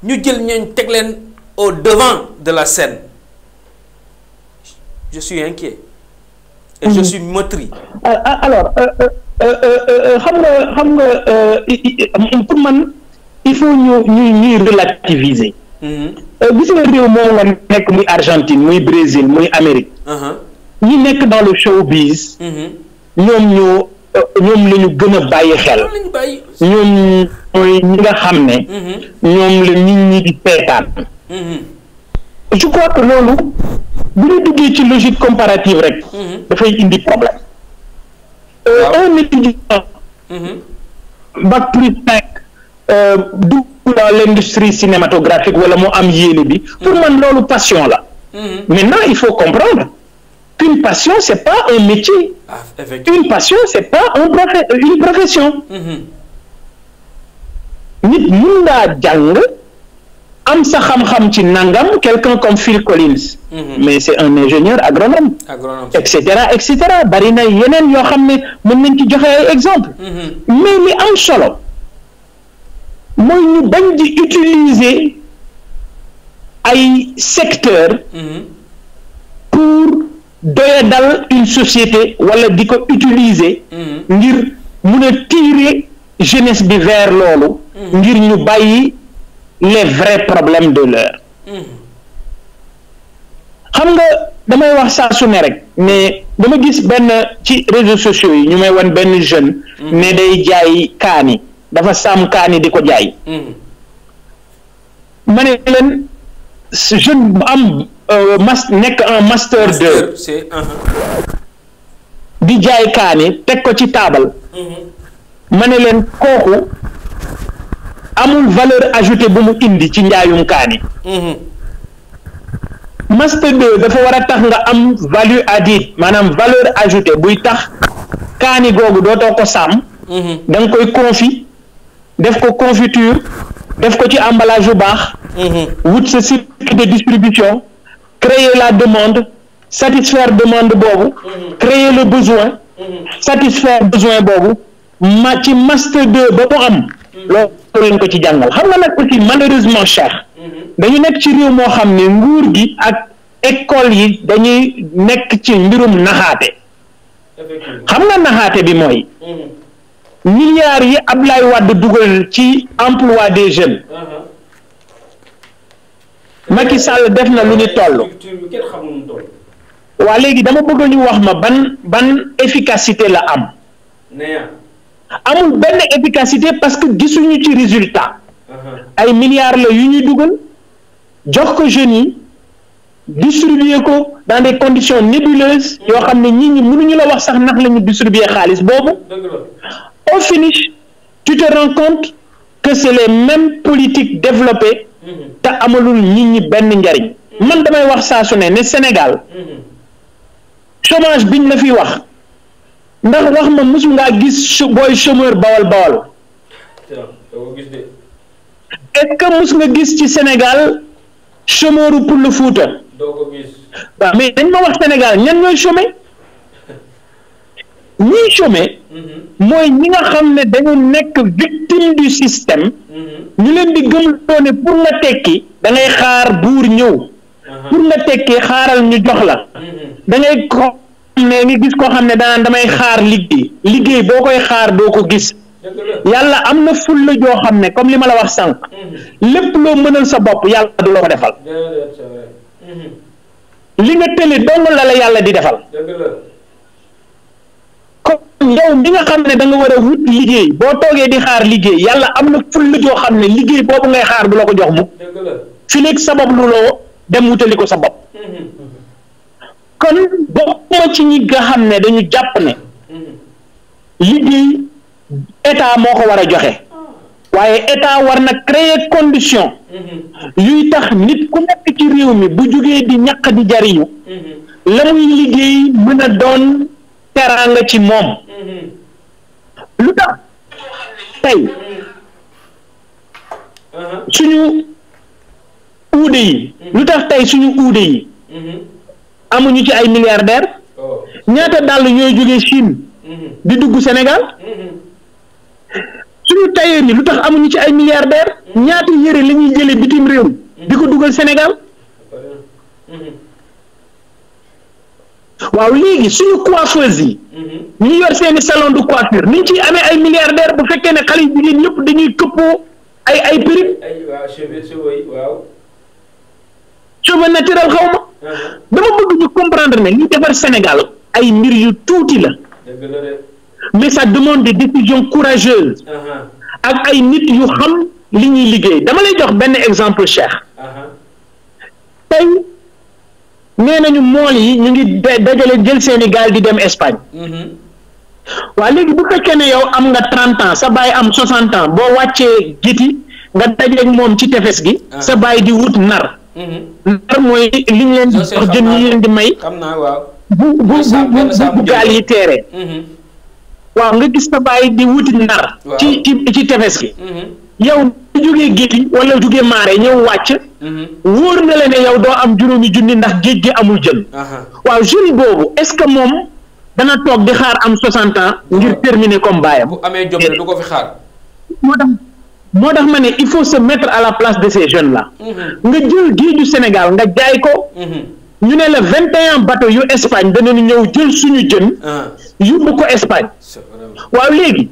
ñu jël ñooñ teg leen au devant de la scène je suis inquiet. et je mm-hmm. suis meurtri.
Euh, euh, alors euh, xam nga xam nga pour man. il faut ñu ñuy ñuy relativiser. Mhm. Euh, gis nga réew moom nga nekk muy Argentine muy Brésil muy Amérique. Uh-huh. ñi nekk dans le showbiz. Mhm. ñoom euh, ñoom lañu gën a bàyyi xel. ñoom mooy ñi nga xam ne. Mhm. ñoom la nit ñi di seetaan. je crois que loolu bu ñu duggee ci logique comparative rek. dafay indi problème. Euh, un étudiant bac plus cinq Euh, dugg dans l'industrie cinématographique wala mu am yéene bi pour man loolu passion la
mhm. maintenant
il faut comprendre qu'une passion c'est pas un métier ah, une passion c'est pas un profe une profession mhm. nit mun ngaa jàng am sa xam-xam ci nangam quelqu'un comme Phil Collins mhm. mais c'est un ingénieur agronome et cetera et cetera bari na yeneen yoo xam ne mën nañ ci joxe exemple mais li am solo mooy ñu bañ di utiliser ay secteurs mhm. pour doyadal une société wala di ko utiliser mhm. ngir mun a tirer jeunesse bi vers loolu mhm. ngir ñu bàyyi les vrais problèmes de l'heure xam nga damay wax saa su ne rek mais dama gis benn ci réseaux sociaux yi ñu may wan benn jeune ne day jaay kaani dafa saam kaani di ko jaay. Hmm. ma ne leen jeune bu am euh, mas nekk en master 2 uh-huh. di jaay kaani teg ko ci taabal. Hmm. ma ne leen kooku amul valeur ajoutée bu mu indi ci njaayum kaani. Hmm. master 2 dafa war a tax nga am value added maanaam valeur ajoutée buy tax kaani googu dootoo ko sàmm. da koy confi def ko confiture def ko ci emballage bu baax. Mhm. wut sa circuit de distribution créer la demande satisfaire demande boobu. Mhm. créer le besoin. Mhm. satisfaire besoin boobu ma ci master 2 ba am. loolu leen ko ci jàngal xam nga nag aussi malheureusement cher. dañu nekk ci réew moo xam ne nguur gi ak école yi dañuy nekk ci mbirum naxaate. xam nga naxaate bi mooy. milliards yi lay Wade dugal ci emploi des jeunes Macky Sall def na lu ñu toll waa léegi dama bëgg ñu wax ma ban ban efficacité la am amul benn efficacité parce que gisuñu ci résultat uh-huh. ay milliards la yu ñuy dugal jox ko jeunes yi distribuer ko dans des conditions nébuleuses yoo xam ne nit ñi mënuñu la wax sax nax la ñu distribuer xaalis boobu Au finish, tu te rends compte que c'est les mêmes politiques développées mm-hmm. te amalul nit ñi benn njariñ mm-hmm. man damay wax saa su ne ne Sénégal mm-hmm. chômage biñ la fi wax ndax wax ma mosul ngaa gis booy chômeur bawal bawal est que mos nga gis ci Sénégal chômeuru pour le Fouta
waaw
mais dañ ma wax Sénégal ñan ñooy chômer ñiy chômer mhm. mooy ñi nga xam ne dañu nekk victime du système mhm. ñu leen di gëm doone pour nga tekki da ngay xaar buur ñëw pour nga tekki xaaral ñu jox la mhm. da ngay ko xam ne nga gis koo xam ne danaan damay xaar liggéey liggéey boo koy xaar doo ko gis yàlla am na fulla joo xam ne comme li ma la wax sànq lépp loo mënal sa bopp yàlla du la ko defal li nga tële dong la la yàlla di defal kon yow mi nga xam ne da war a wut liggéey boo toogee di xaar liggéey yàlla am na ful la joo xam ne liggéey boobu ngay xaar bu la ko jox mu fi léegi sabab lu loo dem wutali ko sabab kon bokkuma ci ñi nga xam ne dañu jàpp ne liggéey état moo ko war a joxe waaye état war na créer condition yuy tax nit ku nekk ci réew mi bu jógee di ñaq di jariñu
mm-hmm.
la muy liggéey mën a doon teraanga ci moom lu tax tey suñu uude yi lu tax tey suñu uude yi amuñu ci ay milliardaire ñaata dàll ñooy jóge Chine di dugg Sénégal suñu tailleur yi lu tax amuñu ci ay milliardaire ñaata yére la ñuy jële bitim réew di ko dugal Sénégal waaw léegi suñu coiffeuse yi. Mhm. ñu yor seeni salon de coiffure ni ñu amee ay milliardaire bu fekkee ne xale yu jigéen ñëpp dañuy këppoo ay ay perruque.
ay waaw cheveux cheveux waaw. naturel xaw ma. Mhm.
dama bëgg ñu comprendre ne li defar Sénégal ay mbir yu tuuti la. mais ça demande des décisions courageuses.
Mhm.
ak ay nit yu xam
li ñuy liggéey dama lay jox benn exemple Cheikh. nee nañu mool yi ñu ngi dajale jël seeni gaal di dem Espagne mm-hmm. waaw léegi bu fekkee ne yow am nga trent ans sa baay am soixante ans boo wàccee giti nga dajeeg moom ci tefes gi ah. sa baay di wut nar
mm-hmm.
nar mooy li ñu leen di jox jën yi leen di may bu bu bu bu gaal yi teeree mm-hmm. waaw nga gis sa baay di wuti nar ci ci ci tefes gi yow jógee giti wala jógee maare ñëw wàcc Mm-hmm. wóor na la ne yow doo am juróomi junni ndax géej gi amul jën waaw jeune boobu est-ce que moom dana toog di xaar am soixante ans ngir terminer comme baayam amee jom du ko xaar moo tax moo tax ma ne il faut se mettre à la place de ces jeunes là mm-hmm. nga jël géeju Sénégal nga jaay ko mm-hmm. ñu ne la vingt et un bateau yu Espagne danañu ñëw jël suñu jën ah. yóbbu ko Espagne waaw léegi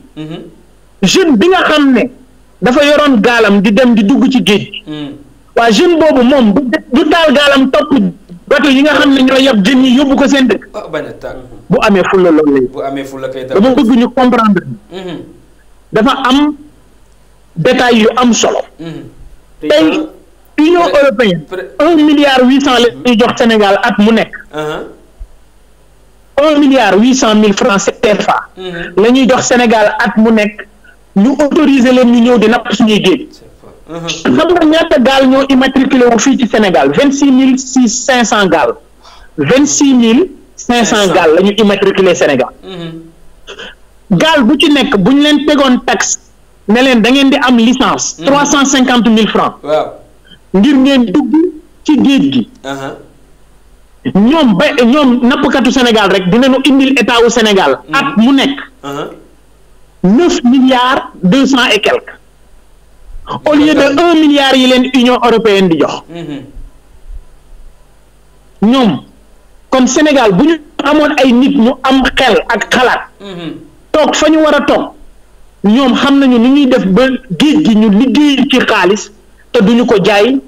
jeune bi nga xam ne dafa yoroon gaalam di dem di dugg ci géej waa jeune boobu moom du taal gaalam topp bato yi nga xam ne ñoo yab jën yi yóbbu ko seen dëkk.
Ah, bu amee fulla loolu lay. bu amee fulla kay dama bëgg ñu comprendre. Mm-hmm.
dafa am détail yu am solo. Mm-hmm. tey union européenne. un milliard huit cent la ñuy jox Sénégal at mu nekk.
Uh-huh.
un milliard huit cent mille francs CFA. Mm-hmm. la ñuy jox Sénégal at mu nekk ñu autoriser leen ñu ñëw di napp suñuy géej.
xam
nga ñaata gaal ñoo immatriculé wu fii ci Sénégal vingt six mille six cinq cent gaal vingt six mille cinq cent gaal la ñu immatriculé Sénégal mhm. gaal bu ci nekk bu ñu leen tegoon taxe ne leen da ngeen di am licence mhm. trois cent cinquante mille francs ngir ngeen dugg ci géej gi uh-huh. ñoom ba ñoom nappkatu Sénégal rek dinañu indil état wu Sénégal mhm. at mu nekk uh-huh. neuf milliards deux cent et quelques au lieu de un milliard yi leen Union européenne di jox. Mhm. ñoom kon Sénégal bu ñu amoon ay nit ñu am xel ak xalaat. Mhm. toog fa ñu war a toog ñoom xam nañu ni ñuy def ba géej gi ñu liggéey ci xaalis te duñu ko jaay.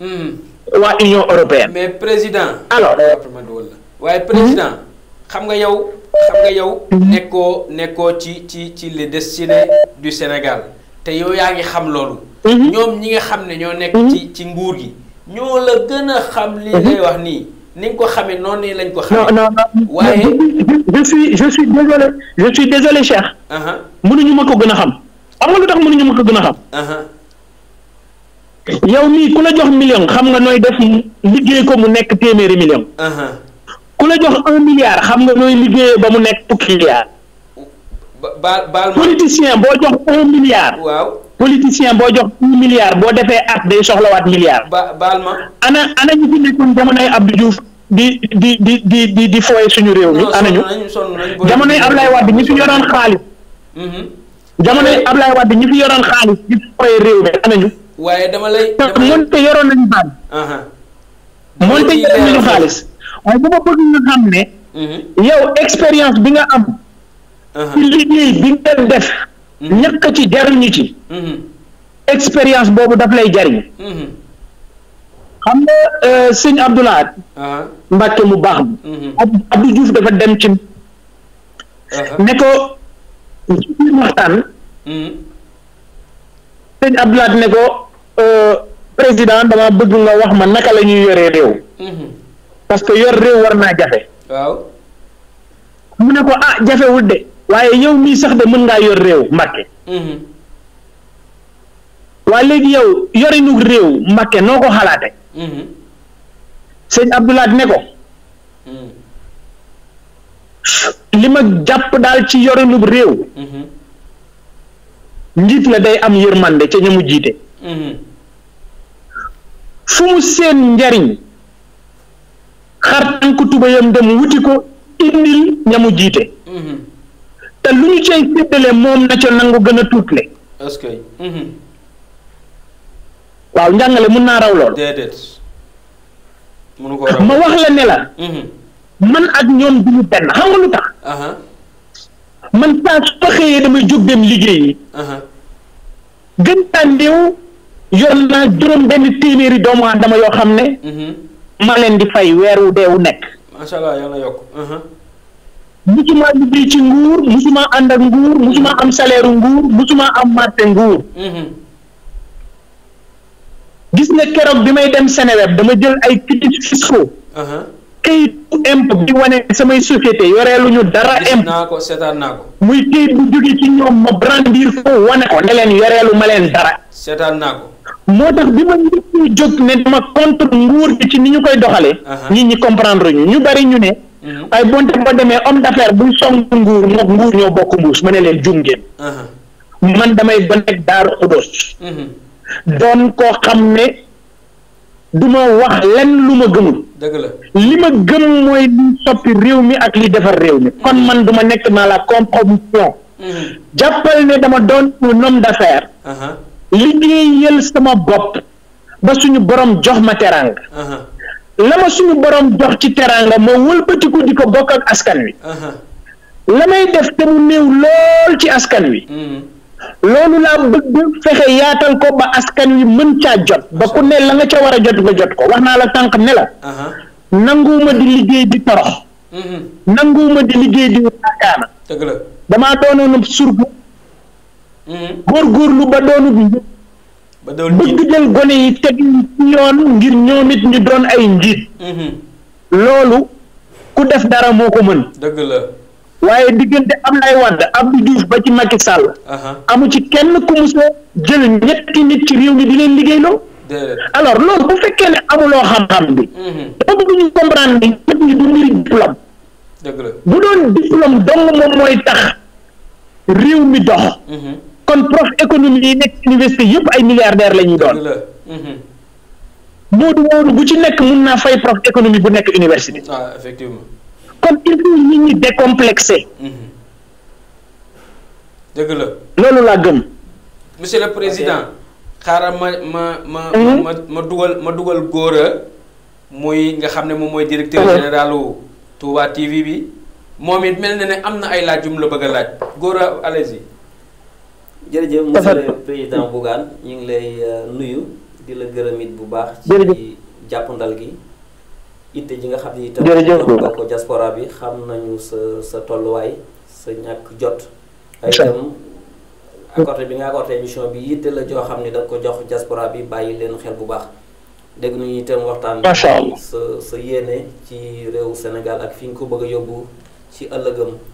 Mhm. waa Union européenne. mais président. alors waaye président. xam nga yow xam nga yow. nekkoo nekkoo ci ci ci les destinées du Sénégal. te yow yaa ngi xam loolu. Mhm. ñoom ñi nga xam ne ñoo nekk mhm. ci ci nguur gi. ñoo la gën a xam li mhm. ngay wax nii ni nga ko xamee noonu lañ ko xamee. non non
waaye je ma ko gën a xam xam nga lu tax mënuñu ma ko gën a xam. yow mii ku la jox million xam nga nooy def liggéey ko mu nekk téeméeri million. ku la jox un milliard xam nga nooy liggéeyee ba mu nekk fukki milliard. baal baal politicien boo jox un milliard. politicien boo jox un milliard boo defee at day soxlawaat milliard.
ba baal ma.
ana ana ñu fi nekkoon jamonoy Abdou Diouf di di di di di di fooye suñu réew mi. ana ñu
jamonoy Ablaye Wade ñi fi yoroon xaalis. Mm-hmm. jamonoy Ablaye Wade
ñi fi yoroon xaalis di fooye réew mi ana ñu.
waaye dama lay
moonte yoroon nañu
xaalis.
moonte yoroon nañu xaalis waaye bu ma nga xam ne. Mm-hmm. yow expérience bi nga am. ci liggéey bi ngeen def mm-hmm. ñàkk ci jariñu ci mm-hmm. expérience boobu daf lay jariñ mm-hmm. xam nga euh, sëñ Abdoulaye uh-huh. Mbàkke mu baax bi Abdou Diouf dafa dem ci
uh-huh.
ne ko ci waxtaan sëñ ne ko euh, président dama bëgg nga wax ma naka la ñuy yoree réew parce que yor réew war naa jafe mu ne ko ah jafewul de waaye yow mii sax de mën ngaa yor réew Mbàkke mhm. waa léegi yow yorinu réew Mbàkke noo ko xalaate mhm. sëñ Abdoulaat ne ko mhm. li jàpp daal ci yorinu réew njiit la day am yërmande ca ñamu jiite fu mu seen njariñ xar tànk tubayam dem wuti ko indil ñamu jiite te lu ñu cay séddale moom na ca nangu
gën a tuutle. est-ce que. Mm-hmm. waaw njàngale mun naa raw lool. déedéet. ma wax la ne la. Mm-hmm. man ak
ñoom du ñu benn xam nga lu tax. Uh-huh. man saa su ma xëyee damay jóg dem liggéeyi. Uh-huh. gën taa néew naa juróom benn téeméeri doomu aadama yoo xam ne. Mm-hmm. ma leen di fay weer wu dee nekk.
macha allah
musuma liggéey ci nguur musuma ànd ak nguur musuma am salaire nguur musuma am marché nguur. Mhm. gis nga keroog bi may dem Seneweb dama jël ay crédits fiscaux. Uh-huh. kayitu impôt bi wane
samay société ñu dara. impôt naa naa muy kayit bu jóge ci ñoom ma brandir foo wane ko ne leen yoreelu ma leen dara. seetaan moo tax bi ma njëkk jóg
ne dama contre nguur gi ci ni ñu koy doxalee. Uh-huh. nit ñi comprendre ñu ñu bari ñu ne. ay bonte boo demee homme d'affaires bu song nguur mook nguur ñoo bokk mbuus ma ne leen jum ngeen
mhm.
man damay ba nekk daaru mhm. doon koo xam ne du ma wax lenn lu ma gëmul li ma gëm mooy li soppi réew mi ak li defar réew mi kon mhm. man duma nekk naa la compromission jàppal ne dama doon un homme d'affaires uh-huh. liggéeyal sama bopp ba suñu borom jox ma teraanga uh-huh. la ma suñu borom jox ci teraanga moo wëlbatiku di ko bokk ak askan wi uh-huh. la def te mu néew lool ci askan wi mm-hmm. loolu laa bëgg fexe yaatal ko ba askan wi mën caa jot ba ku ne la nga ca war a jot ga jot ko wax naa la tànk ne la uh-huh. nanguwuma di liggéey di torox mm-hmm. nanguwuma di liggéey di waakaana damaa doonoon góor mm-hmm. góorgóorlu ba doonub ba doon bëgg jël gone yi teg ci yoon ngir ñoom it ñu doon ay njiit. Mhm. loolu ku def dara moo ko mën. dëgg diggante am diggante Abdoulaye Wade Abdou Diouf ba ci Macky Sall. amu ci kenn ku musa jël ñetti nit ci réew mi di leen liggéey liggéeyloo. alors loolu bu fekkee ne amuloo xam-xam bi. dafa bëgg ñu ni du mbiri diplôme. dëgg la bu doon diplôme dong moom mooy tax réew mi dox. Mhm. kon prof économie yi nekk université yëpp ay milliardaire la ñuy
mmh.
doon moodu moodu bu ci nekk mun naa fay prof économie bu nekk université
ah, effectivement
kon il faut nit ñi décomplexé
mmh. dëgg la loolu laa gëm monsieur le président xaaral ma ma ma ma mmh. ma dugal ma dugal góora muy nga xam ne moom mooy directeur généralu Touba TV bi moom it mel na ne am na ay laaj yu la bëgg a laaj góora allez-y
jërëjëf monsieur le président Bougane ñu ngi lay euh, nuyu di la gërëm bu baax. ci jàppandal gi. itte ji nga xam ne itam. jërëjëf nga ko bi xam nañu sa sa tolluwaay sa ñàkk jot. ay itam bi nga accordé émission bi itte la joo xam ne daf ko jox diaspora bi bàyyi leen xel bu baax. dégg nañu itam waxtaan. macha sa sa yéene ci réew senegal ak fi nga ko bëgg a yóbbu ci ëllëgëm.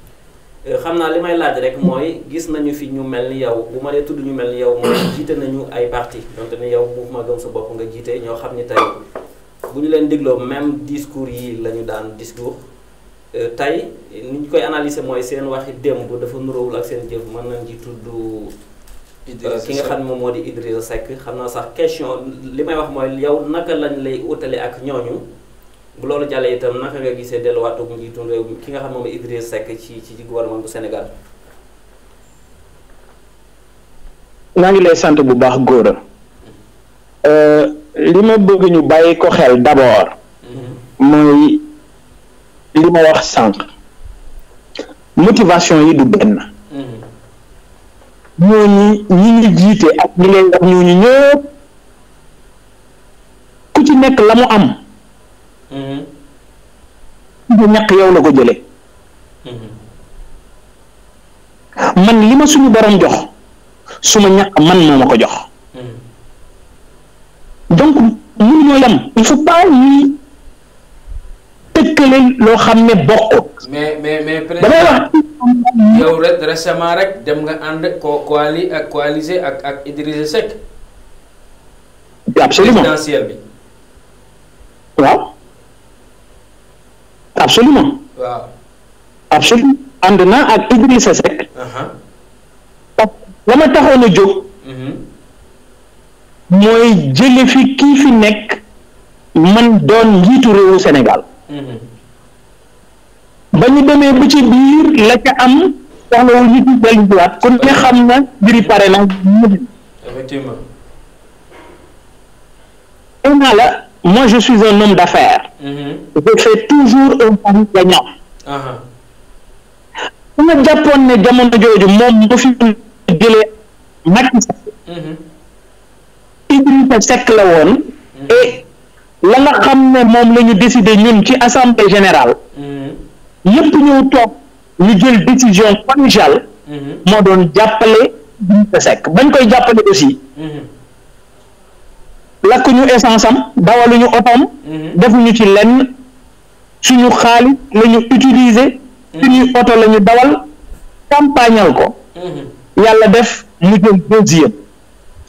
Euh, xam naa li may laaj rek mooy gis nañu fi ñu mel ni yow bu ma dee tudd ñu mel ni yow mooy jiite nañu ay parti donte ne yow ma gëm sa bopp nga jiite ñoo xam ni tey bu ñu leen dégloo même discours yi lañu ñu daan discours euh, tey ni ñu koy analyser mooy seen waxi démb dafa nuróowul ak seen jëf mën nañ ci tudd euh, ki nga xam ne moom moo di Idrissa Seck xam naa sax question li may wax mooy yow naka lañ lay utale ak ñooñu bu loolu jàllee itam naka nga gisee delluwaatu bu njiitu réew ki nga xam moom Idriss Seck ci ci gouvernement bu Sénégal.
naa ngi lay sant bu baax góora mm-hmm. euh, li ma bëgg ñu bàyyi ko xel d'abord mm-hmm. mooy li ma wax sànq motivation yi du benn mm-hmm. ñooñu ñi ngi jiite ak ñi leen wax ñëpp ku ci nekk la mu am bu ñàkk yow la ko jëlee man li ma suñu borom jox suma ñàkk man moo ma ko jox donc mun ñoo yam il faut pas ñuy tëkkale loo xam ne bokk
mais mais mais damay wax yow rek rek dem nga ànd ko coali ak coalisé ak ak Idrissa absolument waaw absolument
waaw ànd naa ak Idrissa Seck uh-huh. parce que taxoon a jóg mm-hmm. mooy jële fi kii fi nekk man doon njiitu réewu Sénégal mm-hmm. ba ñu demee ba ci biir la ca am soxlawul ñu ci delluwaat kon ne xam na mbiri pare na mu dem
effectivement
naa la moi je suis un homme d'affaires. Mmh. je fais toujours un pari gagnant. su ma jàppoon ne jamono jooju moom moo fi jëlee Macky Sall. Mhm. Idrissa Seck la woon. Mhm. et la nga xam ne moom la ñu décider ñun ci assemblée général mhm. ñëpp ñëw toog ñu jël décision collégiale. moo doon jàppale Idrissa Seck bañ koy jàppale aussi. lakkuñu essence am dawaluñu otoom mhm. defuñu ci lenn suñu xaalis la ñu utiliser mhm. suñuy oto la ñu dawal campagnal ko mhm. yàlla def mu jël deuxième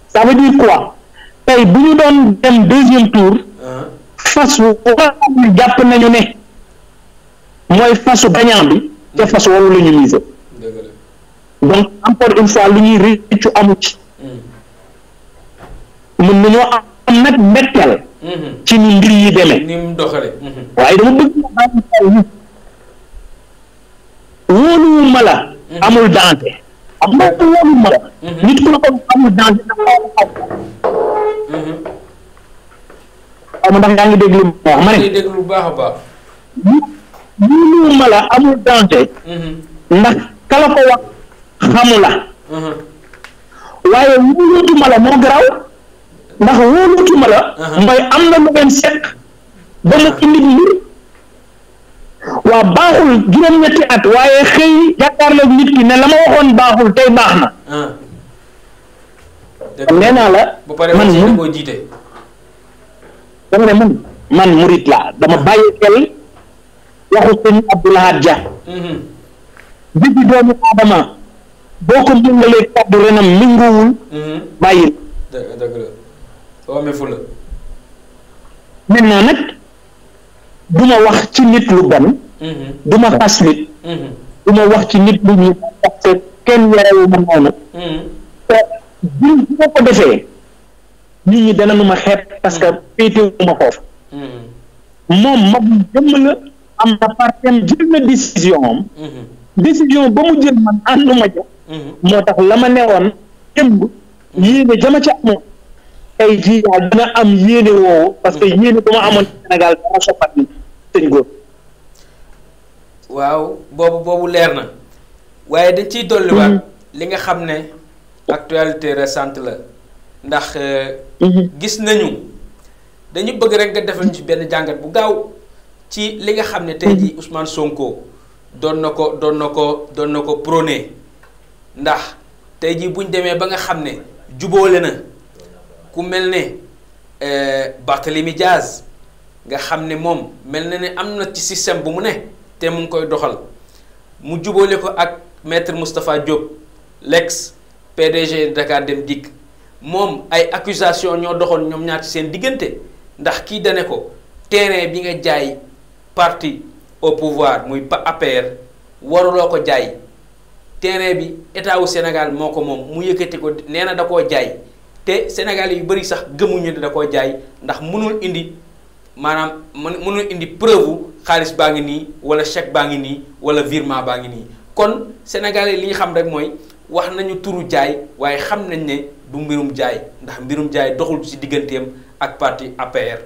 ça veut dire quoi tey bu ñu doon dem deuxième tour uh-huh. fas wara jàpp nañu ne mooy fasu gagnant bi te fas waru la ñu miser donc encore une fois lu ñuy réccu amu ci mën nañoo am am nag mbetteel
mhm. ci ni mbir yi demee mhm. waaye
dama bëgg nga bàyyi mhm. la amul danger am na wóolu ma la nit amul danger ndax baax a amul danger ndax kala ko wax xamu waaye wóolu ma la moo garaaw ndax wóoluutuma la. mbay am na lu ngeen seq. ba mu indi lii. waa baaxul juróom-ñetti at waaye xëy jàkkaarloog nit ki ne la ma waxoon baaxul tey baax na.
Ah. nee
la man mu ko jiite. dama ne man murit laa dama bàyyi xel waxu sëñ Abdou Lahad
Dia. Mhm. bi doomu aadama boo ko méngalee kàddu renam méngoowul mhm. bàyyi.
la. soo amee fulla
nag du ma wax ci nit lu bon mhm. du xas nit mhm. du wax ci nit lu ñu parce kenn yarewu noonu mhm. te bu ma ko defee nit ñi dana nu ma xeeb parce que moom magum jëmm la am na partem jël na décision am décision ba mu jël man ànduma ja moo tax la ma newoon jëmb yéene jama ci amoon tey jii yaa gën am yéene woowu parce que yéene bu ma amoon Sénégal dama soppat
waaw boobu boobu leer na waaye dañ ciy dolliwaat mm-hmm. li nga xam ne actualité récente la ndax euh, mm-hmm. gis nañu dañu bëgg rek nga defal ci benn jàngat bu gaaw ci li nga xam ne tey jii mm-hmm. Ousmane Sonko doon na ko doon na ko doon na ko prôné ndax tey jii buñ demee ba nga xam ne juboole na ku mel ne eh, Barthélemy Diaz nga xam ne moom mel na ne am na ci système bu mu ne te mu ngi koy doxal mu jubóole ko ak maître Moustapha Diop l'ex PDG Dakar Dem Dikk moom ay accusation ñoo doxoon ñoom ñaar ci seen diggante ndax kii dane ko terrain bi nga jaay parti au pouvoir muy APR waruloo ko jaay terrain bi état wu Sénégal moo ko moom mu yëkkati ko nee na da koo jaay te Sénégalais yu bëri sax gëmuñu da koo jaay ndax mënul indi maanaam mënul indi preuve xaalis baa ngi nii wala chèque baa ngi nii wala virement baa ngi nii kon Sénégalais li ñu xam rek mooy wax nañu turu jaay waaye xam nañ ne du mbirum jaay ndax mbirum jaay doxul ci digganteem ak parti APR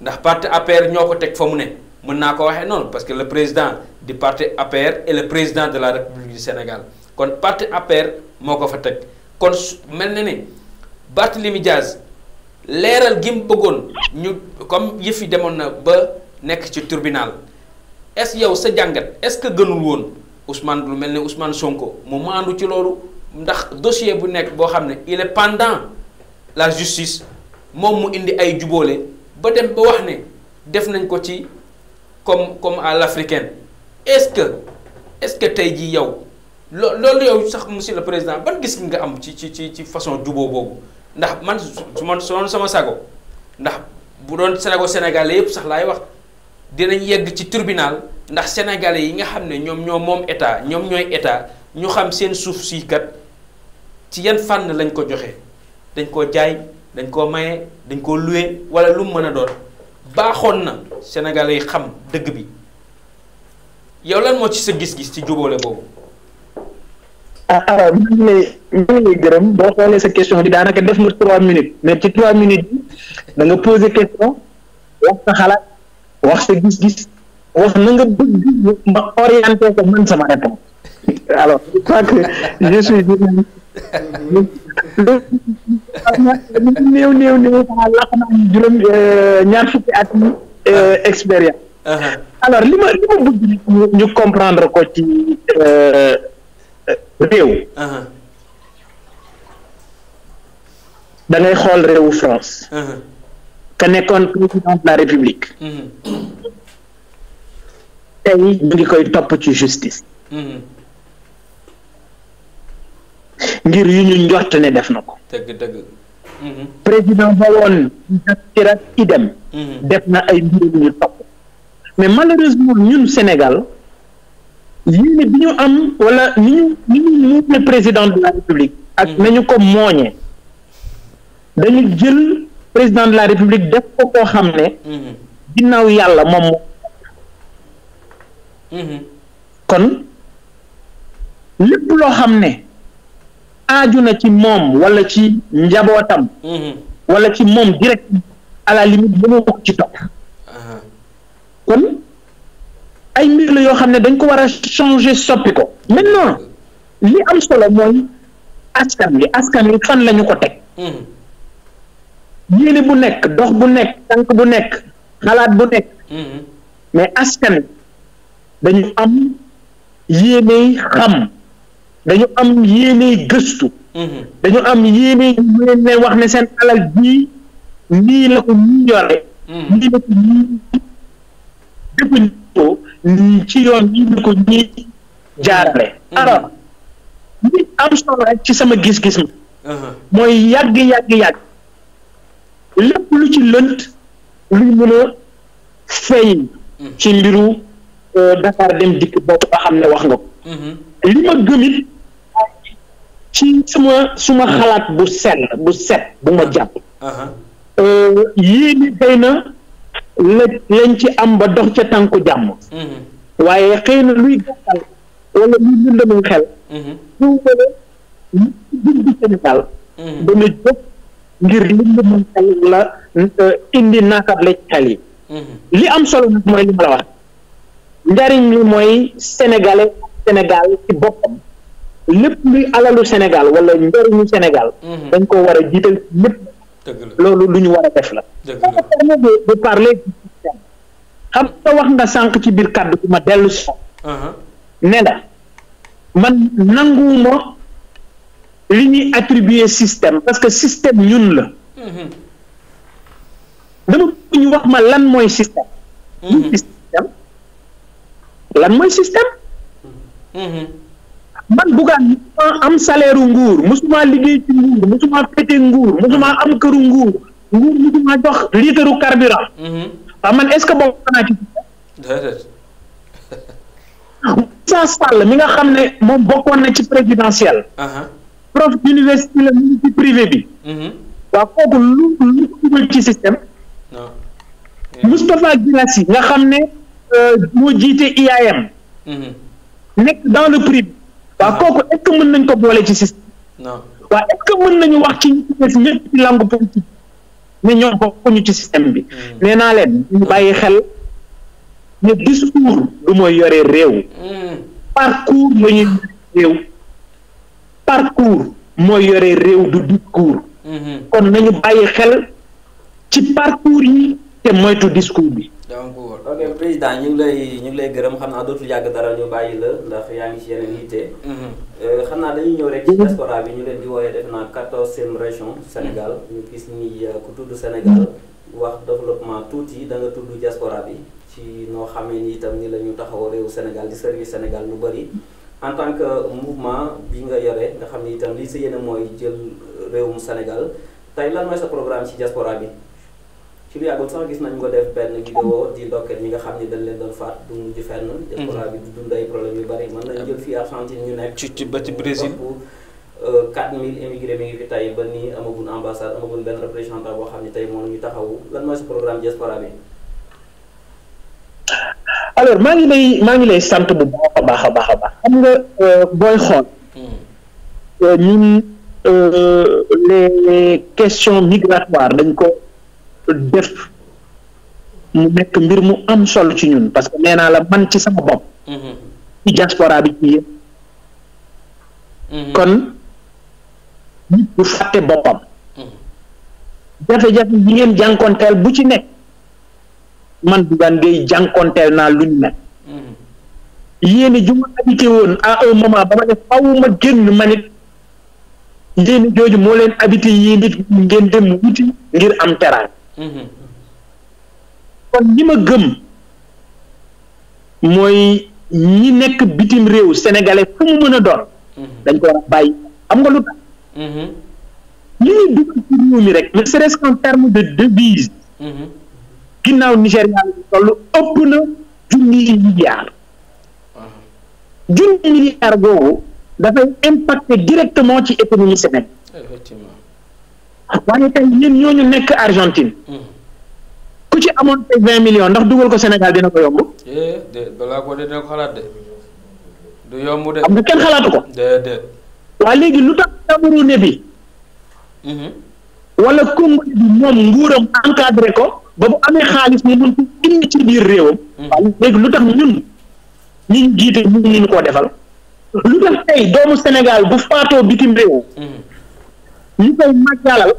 ndax parti APR ñoo ko teg fa mu ne mën naa ko waxee noonu parce que le président du parti APR est le président de la République du Sénégal kon parti APR moo ko fa teg Barthélemy Diaz leeral gi mu bëggoon ñu comme yëf yi demoon na ba nekk ci tribunal est ce yow sa jàngat est ce que gënul woon Ousmane lu mel ni Ousmane Sonko mu maandu ci loolu ndax dossier bu nekk boo xam ne il pendant la justice moom mu indi ay juboole ba dem ba wax ne def nañ ko ci comme comme à l'africaine est ce que est ce que tey jii yow loo loolu yow sax monsieur le président ban gis nga am ci ci ci ci façon juboo boobu. ndax man su man su sama sago ndax bu doon sago sénégalais yëpp sax laay wax dinañ yegg ci tribunal ndax sénégalais yi nga xam ne ñoom ñoo moom état ñoom ñooy état ñu xam seen suuf si kat ci yan fànn lañ ko joxe dañ koo jaay dañ koo maye dañ koo loué wala lu mu mën a doon baaxoon na sénégalais yi xam dëgg bi yow lan moo ci sa gis-gis ci jubóole boobu.
ah Aram ah, maa gërëm boo xoolee sa question bi daanaka def nga trois minutes mais ci trois minutes da nga poser question wax xalaat wax sa wax na nga bëgg ma orienté ko man sama réponse euh, fukki at yi euh, expérience ah. li ma li ma bëgg ñu comprendre ko ci. Euh, réew. Uh-huh. dangay xool réewu France. Uh-huh. ka nekkoon président la république. Uh-huh. tey ñu ngi koy topp ci justice.
ngir
yu ñu njort ne def na ko. dëgg dëgg. président ba woon idem. def na ay mbir yu ñu topp mais malheureusement ñun Sénégal. yéene bi ñu am wala ni ñu ni ñu muune président de la république ak mm-hmm. nañu ko mooñee dañu jël président de la république def ko koo xam ne mm-hmm. ginnaaw yàlla moom mm-hmm. kon lépp loo xam ne aju na ci moom wala ci njabootam wala ci moom direct à la limite mënoo ko ci topp uh-huh. kon ay mbir la yoo xam ne dañ ko war a changer soppi ko maintenant li am solo mooy askan bi askan bi fan la ko teg hmm. yéene bu nekk dox bu nekk tànk bu nekk xalaat bu nekk hmm. mais askan dañu am yéene xam dañu am yéene gëstu hmm. dañu am yéene ne wax ne seen alal bii nii la ko ñu yore nii la ko ñu jëfandikoo ci yoon yi ko ñuy jaarale mm-hmm. alors li am solo ci sama gis-gis ma uh-huh. mooy yàgg yàgg yàgg lépp lu ci lënt luy mën a feeñ mm-hmm. ci mbiru euh, Dakar dem dikk boobu nga xam ne wax nga ko mm-hmm. li ma gëmit ci suma suma xalaat bu sell bu set bu ma jàpp uh-huh. euh, yéene xëy na lépp lañ ci am ba dox ca tànku jàmm
mm-hmm.
waaye xëy na luy gàttal wala luy lëndëmal xel
mm-hmm. mm-hmm.
xel la euh, indi naatable ci xel yi li am solo nag mooy li wax njariñ li mooy sénégalais Sénégal ci boppam lépp luy alalu Sénégal wala njariñu Sénégal dañ ko war a jiital lépp loolu lu ñu war a def la. dëgg de parler xam nga wax nga sànq ci biir kàddu gi ma dellu si. Uh-huh. ne la man nanguwuma li ñuy attribuer système parce que système ñun la. Uh-huh. dama ñu wax ma lan mooy système. Uh-huh. lan mooy système. man bugaan musuma am salaire nguur musuma liggéey ci nguur musuma pété nguur musuma am këru nguur nguur musuma jox litre carburant waaw mhm. ah, man est-ce que bokk naa ci mi nga xam ne moom bokkoon na ci présidentielle prof d'université la ci privé bi mhm. waaw système Moustapha Guirassy nga xam ne euh, moo jiite IAM mhm. nekk dans le privé waaw kooku est-ce mën nañ ko boole ci système. non waaw est que mën nañu wax ci ñëpp ci langue politique ne ñoom bokkuñu ci système bi. Hmm. nee naa leen ñu bàyyi hmm. xel ne discours du mooy yore réew. Hmm. parcours la réew. parcours mooy yore réew du discours. kon nañu bàyyi xel ci parcours yi te moytu discours bi.
président ñu ngi lay ñu lay gërëm xam naa dootul yàgg dara ñu bàyyi la ndax yaa ngi ci yeneen yitte. Mm-hmm. Euh, xam naa dañuy ñëw rek ci diaspora bi ñu leen di wooyee def naa quatorzième région Sénégal mm-hmm. ñu gis ni euh, ku tudd Sénégal mm-hmm. wax développement tuuti da nga tudd diaspora bi ci noo xamee ni itam ni la ñu taxaw réewu Sénégal di service Sénégal lu bëri en tant que mouvement bi nga yore nga xam ne itam li sa yéene mooy jël réew mu senegal lan mooy sa programme ci diaspora bi. ci lu yàggul sax gis nañ ko def benn vidéo di ndokkeel ñi nga xam ni dañ leen doon faat du mujj fenn. Mhm. diaspora bi du dund problème yu bari mën nañ jël fii Argentine ñu nekk. ci ba ci Brésil 4000 euh, immigrés mi ngi fi tey ba nii amaguñ ambassade amaguñ benn représentant boo xam ne tey moom ñu taxawu lan mooy sa programme diaspora bi.
alors maa ngi lay maa ngi lay sant bu baax a baax a baax a baax xam nga euh, booy xool. Hmm. Euh, ñun les questions migratoires dañ ko. def mu nekk mbir mu am solo ci ñun parce que nee naa la man ci sama bopp mm-hmm. ci diaspora ci yëpp mm-hmm. kon nit du boppam
mm-hmm.
jafe-jafe yi ngeen jànkonteel bu ci nekk man Bougane Gueye jànkonteel naa lu ñu nekk yéene ju ma habité woon à un moment ba ma ne faw ma génn ma nit yéene jooju moo leen habité yéen nit ngeen dem wuti ngir am teraanga kon li ma gëm mooy ñi nekk bitim réew sénégalais fu mu mën a doon mhm. dañ ko bàyyi xam nga lu tax mhm. li dugal ci réew mi rek ne serait-ce qu'en terme de devise mhm. ginnaaw Nigéria lañu toll ëpp na junni milliard junni milliard boobu dafay impacter directement ci économie sénégal waaye tey ñun ñooñu nekk Argentine. ku ci amoon tey vingt millions ndax dugal ko Sénégal dina ko yomb.
eh de balaa xam nga kenn xalaatu ko. de
waa léegi lu tax Cameroun bi. Mhm. wala Congo bi moom nguuram encadré ko ba bu amee xaalis mu mun ko ci biir réewam. Mhm. waaye léegi lu tax ñun ñi ñu jiite ñu ñu koo defal. lu tax tey doomu Sénégal bu faatoo bitim réew. Mhm. ñu koy màggalal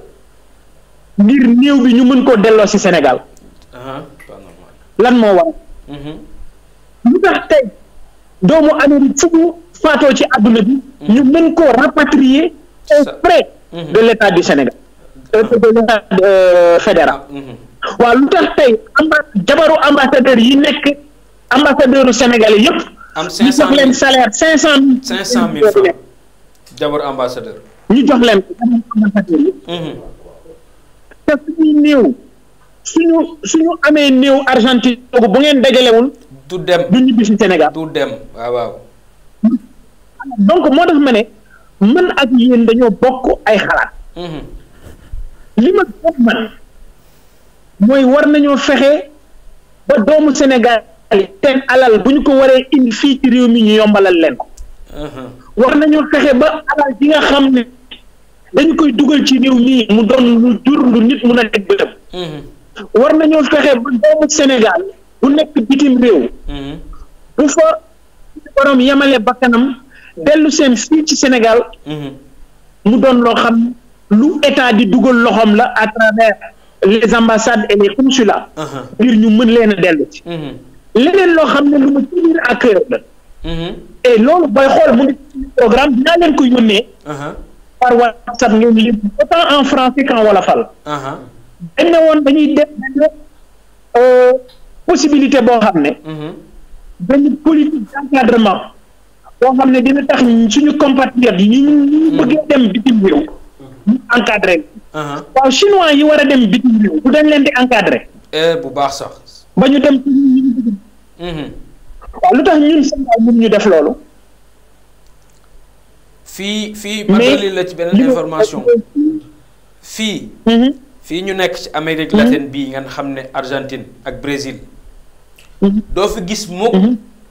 ngir néew bi ñu mën koo delloo ci Sénégal ah, lan moo war mhm. lu tax tey doomu Amérique fu faatoo ci àdduna bi mhm. ñu mën koo rapatrier aux frais mhm. de l'État du Sénégal euh, ah. de l'État euh, fédéral waaw lu tax tey amba jabaru ambassadeur yi nekk ambassadeur u Sénégal yépp ñu jox leen salaire cinq cent mille cinq cent mille
jabaru ambassadeur ñu jox leen mhm.
te suñuy néew suñu suñu amee néew Argentine bu ngeen dajalewul du dem du ñibbi ci Sénégal du
dem waaw waaw
donc moo tax ma ne man ak yéen dañoo bokk ay xalaat mhm. li ma man mooy war nañoo fexe ba doomu Sénégal seen alal bu ñu ko waree indi fii ci réew mi ñu yombalal leen ko mhm. war nañoo fexe ba alal ji nga xam ne dañ koy dugal ci réew mii mu doon lu jur lu nit mun a nekk bëtam mhm. war nañoo fexe ba doomu Sénégal bu nekk bitim réew mhm. bu fa borom yemale bakkanam dellu seen fii ci Sénégal mhm. mu doon loo xam lu état di dugal loxoom la à travers les ambassades et les consulats uh-huh. ngir ñu mën leen a dellu ci loo xam ne lu ma tenir à cœur la et loolu booy xool mu ngi programme dinaa leen ko yónnee uh-huh. par WhatsApp ñoom ñëpp autant en français qu'en wolofal.
dañ
ne woon dañuy def benn euh, possibilité boo xam ne. Mhm. benn politique d'encadrement boo xam ne dina tax suñu compatriotes yi ñu ñu mhm. bëggee dem bitim réew. Mhm. encadré. waaw chinois yi war a dem bitim réew bu dañ leen di encadré.
Eh, bu baax sax. ba
ñu dem waaw lu tax ñun Sénégal mun ñu def loolu.
fii fii ma dolli la ci beneen information fii mhm. fii ñu nekk ci Amérique mhm. latine bii ngeen xam ne Argentine ak Brésil mhm. doo fi gis mukk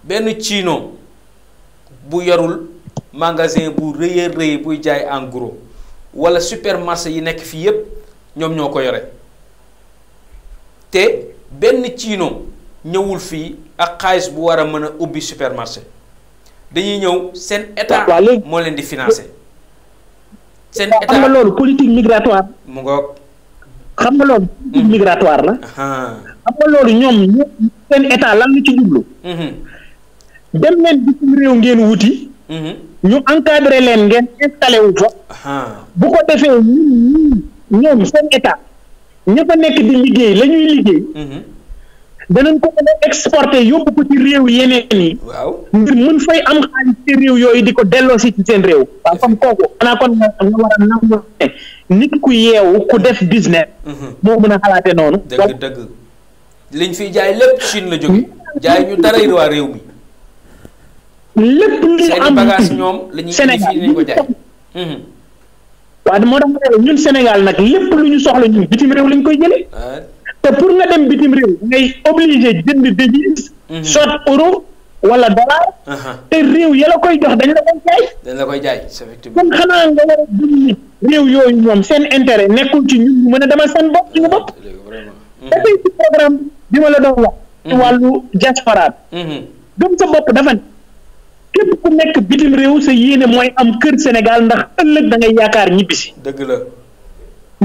benn ciino bu yorul magasin bu rëy a rëy buy jaay en gros wala supermarché yi nekk fii yépp ñoom ñoo ko yore te benn chino ñëwul fii ak xaalis bu war a mën a ubbi supermarché dañuy ñëw seen état. moo leen di financer. seen état xam
nga loolu mm. ah. xam nga loolu. la. xam nga lan la ci jublu. Mm-hmm. dem leen bitim réew ngeen wuti. Mm-hmm. ñu encadré leen ngeen installé ah. bu ko defee ñun ñoom seen état ña fa nekk di liggéey la ñuy liggéey. Mm-hmm. danañ ko mën a exporter yóbbu ko ci réew yeneen yi. ngir mën fay am xaalis ci réew yooyu di ko delloosi ci seen réew. waaw comme kooku kon nit ku yeewu ku def business. Mhm. moo mën a xalaatee noonu. dëgg
dëgg liñ fiy jaay lépp Chine la jógee. jaay ñu dara waa réew mi. lépp li am bagage ñoom la ñuy Sénégal ko jaay. Mhm. waaw
moo tax ñun Sénégal nag lépp lu ñu soxla ñun bitim réew lañ koy jëlee. Ah. te pour nga dem bitim réew ngay obligé jënd devise mhm. soit euro wala dollar uh-huh. te réew ya la koy jox dañu la
koy jaay dañ la
xanaa nga war a dund réew yooyu ñoom seen intérêt nekkul ci ñun ñu mën a demal seen bopp suñu bopp dafay ci programme bi ma la doon wax ci mhm. wàllu diaspora mhm. gëm sa bopp dafa ne képp ku nekk bitim réew sa yéene mooy am kër Sénégal ndax ëllëg da ngay yaakaar ñibbisi dëgg la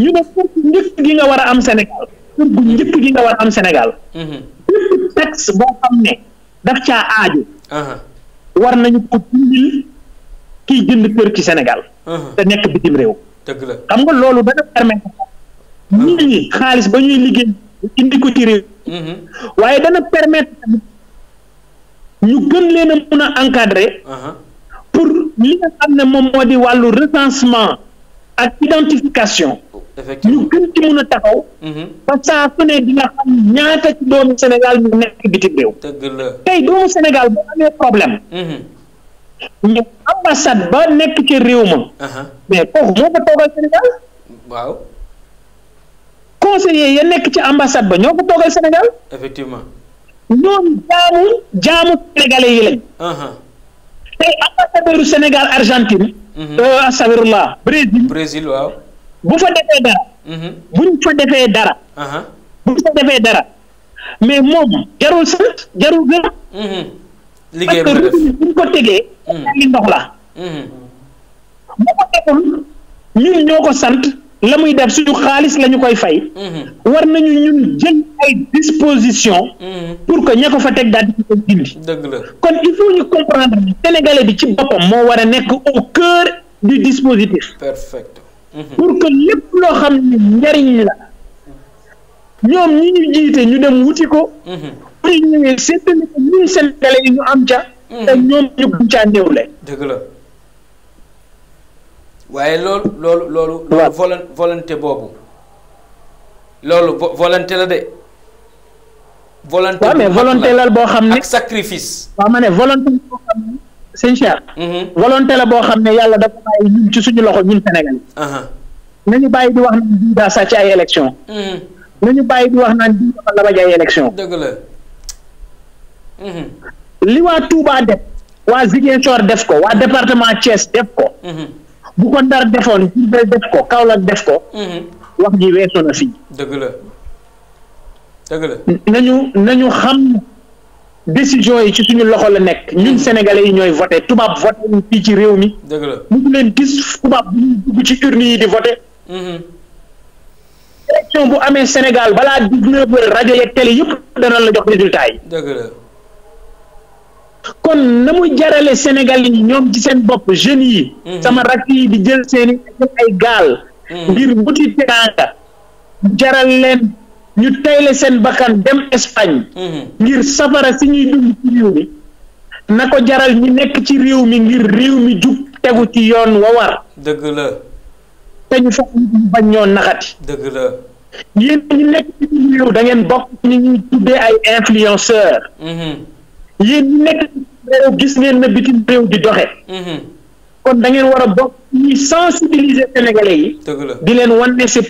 ñu ne njëkk gi nga war a am Sénégal kër bu njëkk gi nga war am Sénégal. Mhm. bépp texte boo xam ne daf caa aaju. Mhm. war nañu ko bindil kiy jënd kër ci Sénégal. Mhm. te nekk bitim réew. dëgg la xam nga loolu dana permettre nit ñi xaalis ba ñuy liggéey indi ko waaye dana permettre ñu gën leen a mun a encadrer. pour li nga xam ne moom moo di wàllu recensement. ak identification. ñu gën ci mun a taxaw. Mhm. ba saa su ne dina xam ñaata ci doomu Sénégal ñu nekk bitim réew. tey doomu Sénégal bu amee problème. Mhm. ñu ba nekk ci réew ma. mais kooku moo ko toogal Sénégal. waaw. conseiller ya nekk ci ambassade ba ñoo ko toogal Sénégal. effectivement. jaamu jaamu sénégalais yi lañ. tey ambassadeur Sénégal Argentine.
Mhm. Euh, astafirullah Brésil. Brésil waaw.
bu fa defee dara. Mhm. buñ fa defee dara. buñ fa defee dara mais moom jarul sax jarul gën.
Mhm. liggéey bu def parce
que buñ ko tegee. ndox la. bu ko deful ñun ñoo ko sant. la muy def suñu xaalis la ñu koy fay. Mhm. war nañu ñun jël ay dispositions. Mhm. pour que ña ko fa teg daal ko dindi. dëgg la kon il faut ñu comprendre ni bi ci boppam moo war a nekk au cœur du dispositif.
Mhm. pour
que lépp loo xam ni njariñ la ñoom ñi ñu jiite ñu dem wuti ko. pour ñu ñëwee séddale ko ñun sénégalais yi ñu am ca. te ñoom ñu gën caa néewle.
dëgg la. waaye loolu loolu loolu loolu volonté boobu loolu volonté la de volonté waaw mais volonté la boo xam ne ak sacrifice
waaw ma ne volonté la boo xam ne sëñ Cheikh mm-hmm. volonté la boo xam ne yàlla dafa bàyyi ci suñu loxo ñun Sénégal uh-huh. nañu bàyyi di wax naan di daa sàcc ay élection mm-hmm. nañu bàyyi di wax naan di dafa labaj ay élection
dëgg la mm-hmm.
li waa Touba def waa Ziguinchor def ko waa département Thiès def ko bu ko dara defoon Diourbel def ko Kaolack def ko. Mhm. wax ji weesoo na fii. dëgg nañu nañu xam décision yi ci suñu loxo la nekk ñun mhm. sénégalais yi ñooy voté tubaab voté ñu fii ci réew mi. dëgg la mu leen gis tubaab bu ñu dugg ci urne yi di voté. Mhm. élection bu amee Sénégal balaa dix-neuf heures rajo yeeg télé yëpp dana la jox résultat yi. dëgg kon na mu jarale Sénégal yi ñoom ci seen bopp jeunes yi. Mhm. sama rakk yi di jël seeni ay gaal. Mhm. ngir buti teraanga jaral leen ñu tayle seen bakkan dem Espagne. Mhm. ngir safara si ñuy dund ci réew mi na ko jaral ñi nekk ci réew mi ngir réew mi jub tegu ci yoon wa war. dëgg la. te ñu fekk ñu bañ ñoo naxati. dëgg ñu nekk ci réew da bokk ñu ñuy tuddee ay influenceurs. yéen ñi nekk gis ngeen na bitim réew di doxe mhm. kon da ngeen war a bokk ni sensibiliser sénégalais yi di leen wan ne c'est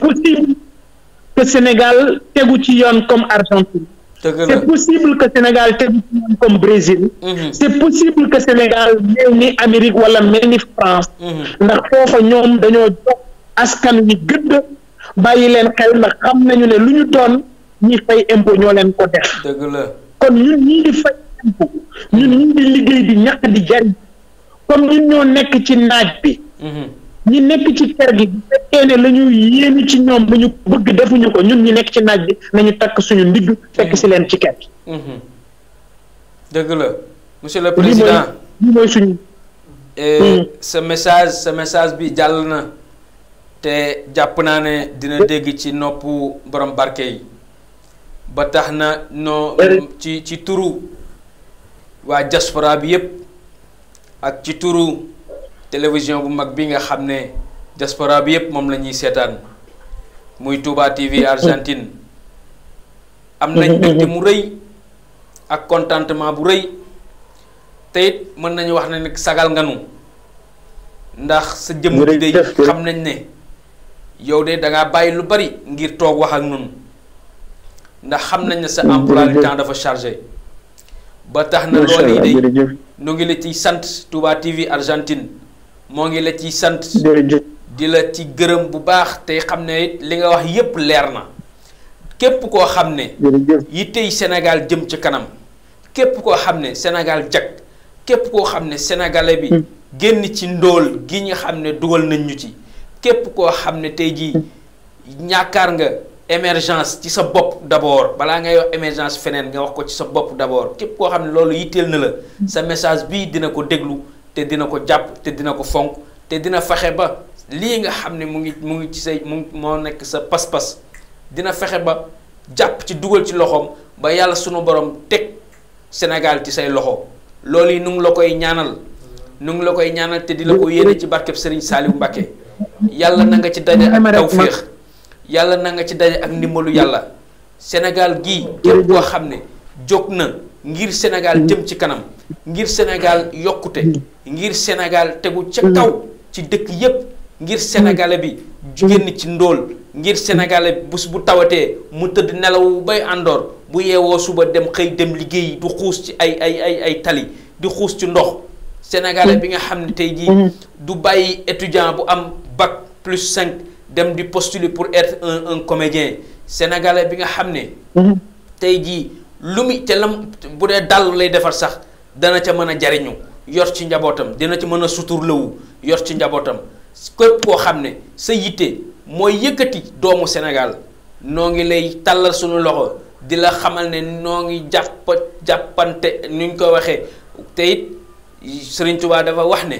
possible que Sénégal tegu ci yoon comme Argentine c'est possible que Sénégal tegu ci yoon comme Brésil mhm. c'est possible que Sénégal mel ni Amérique wala mel ni France mhm. ndax foofa ñoom dañoo jox askan wi gëdd bàyyi leen xel ndax xam nañu ne lu ñu toon ñi fay impôt ñoo leen ko def kon ñun ñii di fay ñun ñu liggéey di ñaq di jariñ comme ñun ñoo nekk ci naaj bi. Mhm. ñi nekk ci kër gi bu fekkee ne la ñu ci ñoom bu ñu bëgg defuñu ko ñun ñi nekk ci naaj bi nañu takk suñu ndigg fekk si leen ci ker gi.
Mhm. dëgg la monsieur le président lii eh, hmm. sa message sa message bi jàll na te jàpp naa ne dina dégg ci noppu borom barke yi ba tax na noo ci ci turu. waa diaspora bi yépp ak ci turu télévision bu mag bi nga xam ne diaspora bi yépp moom la ñuy seetaan muy Touba TV Argentine am nañ mbégte mu rëy ak contentement bu rëy te mën nañu wax ne nag sagal nga nu ndax sa jëmm bi day xam nañ ne yow de danga bàyyi lu bari ngir toog wax ak ñun ndax xam nañ ne sa emploi du temps dafa chargé ba tax na loolu yi de la ciy sant Touba TV Argentine moo ngi la ciy sant di la ci gërëm bu baax tey xam ne li nga wax yépp leer na képp koo xam ne yi tey senegal jëm ci kanam képp koo xam ne senegal jag képp koo xam ne sénégalais bi hmm. génn ci ndool gi ñu xam ne dugal nañ ñu ci képp koo xam ne tey jii hmm. ñàkkaar nga émergence ci sa bopp d'abord balaa ngay wax émergence feneen nga wax ko ci sa bopp d'abord képp koo xam ne loolu yitteel na la sa message bii dina ko déglu te dina ko jàpp te dina ko fonk te dina fexe ba lii nga xam ne mu ngi mu ngi ci say mu moo nekk sa pas dina fexe ba jàpp ci dugal ci loxoom ba yàlla sunu borom teg Sénégal ci say loxo loolu yi nu ngi la koy ñaanal nu ngi la koy ñaanal te di la ko yéene ci barkeb Serigne Saliou Mbacké yàlla na ci daje ak tawféex yàlla na nga ci daje ak ndimbalu yàlla Sénégal gii képp koo xam ne jóg na ngir Sénégal jëm ci kanam ngir Sénégal yokkute ngir Sénégal tegu ca mm. kaw ci dëkk yépp ngir sénégalais bi génn ci ndóol ngir sénégalais bés bu tawatee mu tëdd nelawu bay àndoor bu yeewoo suba dem xëy dem liggéey du xuus ci ay ay ay ay tali di xuus ci ndox sénégalais bi nga xam ne tey jii mm. du bàyyi étudiant bu am bac plus cinq dem di postule pour être un un comédien sénégalais bi nga xam ne. Mhm. tey jii lu mu te lam bu dee dàll lay defar sax dana ca mën a jariñu yor ci njabootam dina ci mën a suturlawu yor ci njabootam këpp koo xam ne sa yitte mooy yëkkati doomu Sénégal noo ngi lay tàllal suñu loxo di la xamal ne noo ngi jàpp jàppante nuñ ko waxee te it Sëriñ Tuubaa dafa wax ne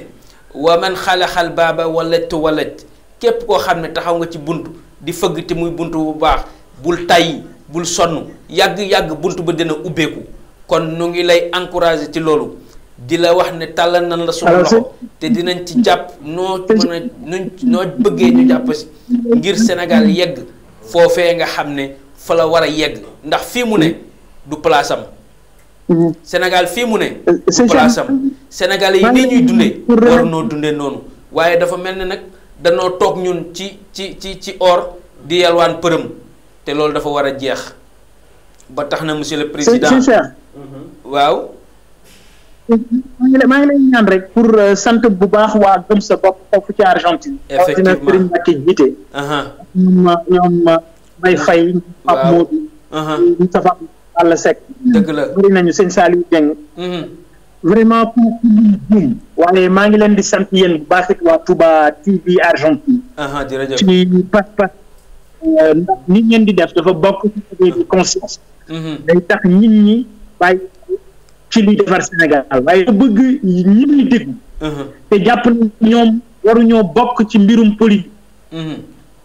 waa man xalaxal baaba walla tu walat képp koo xam ne taxaw nga ci bunt di fëgg te muy bunt bu baax bul tayyi bul sonn yàgg-yàgg bunt ba dina ubbeeku kon nu ngi lay encouragé ci loolu di la wax ne tàllal nan la suñu loxo te dinañ ci jàpp noo mën a noo bëggee ñu jàpp ngir Sénégal yegg foofee nga xam ne fa la war a yegg ndax fii mu ne du place senegal mm-hmm. Sénégal fii mu ne euh, du place am Sénégal yi nii ñuy dundee war noo dundee noonu waaye dafa mel ne nag danoo toog ñun ci ci ci ci or di yalwaan përëm te loolu dafa war a jeex ba tax na monsieur le président
mhm. waaw maa ngi lay maa ngi ñaan rek pour euh, sant bu baax waa gëm sa bopp foofu ci Argentine. effectivement ordinateur yi ma jiite. ñoom ñoom may euh, fay. waaw Pape Modou. Moustapha dëgg la bëri nañu sëñ Saliou Dieng. Mhm. vraiment ku ku ñuy jéem. waaye maa ngi leen di sant yéen bu baax it waa Touba TV Argentine. jërëjëf ci pas-pas. Euh, nit ngeen di def dafa bokk ci suñu di conscience. Mhm. day tax nit ñi bàyyi ci li defar Sénégal waaye da bëgg ñi ñuy mhm. te jàpp na ñoom waruñoo bokk ci mbirum politique. Mhm.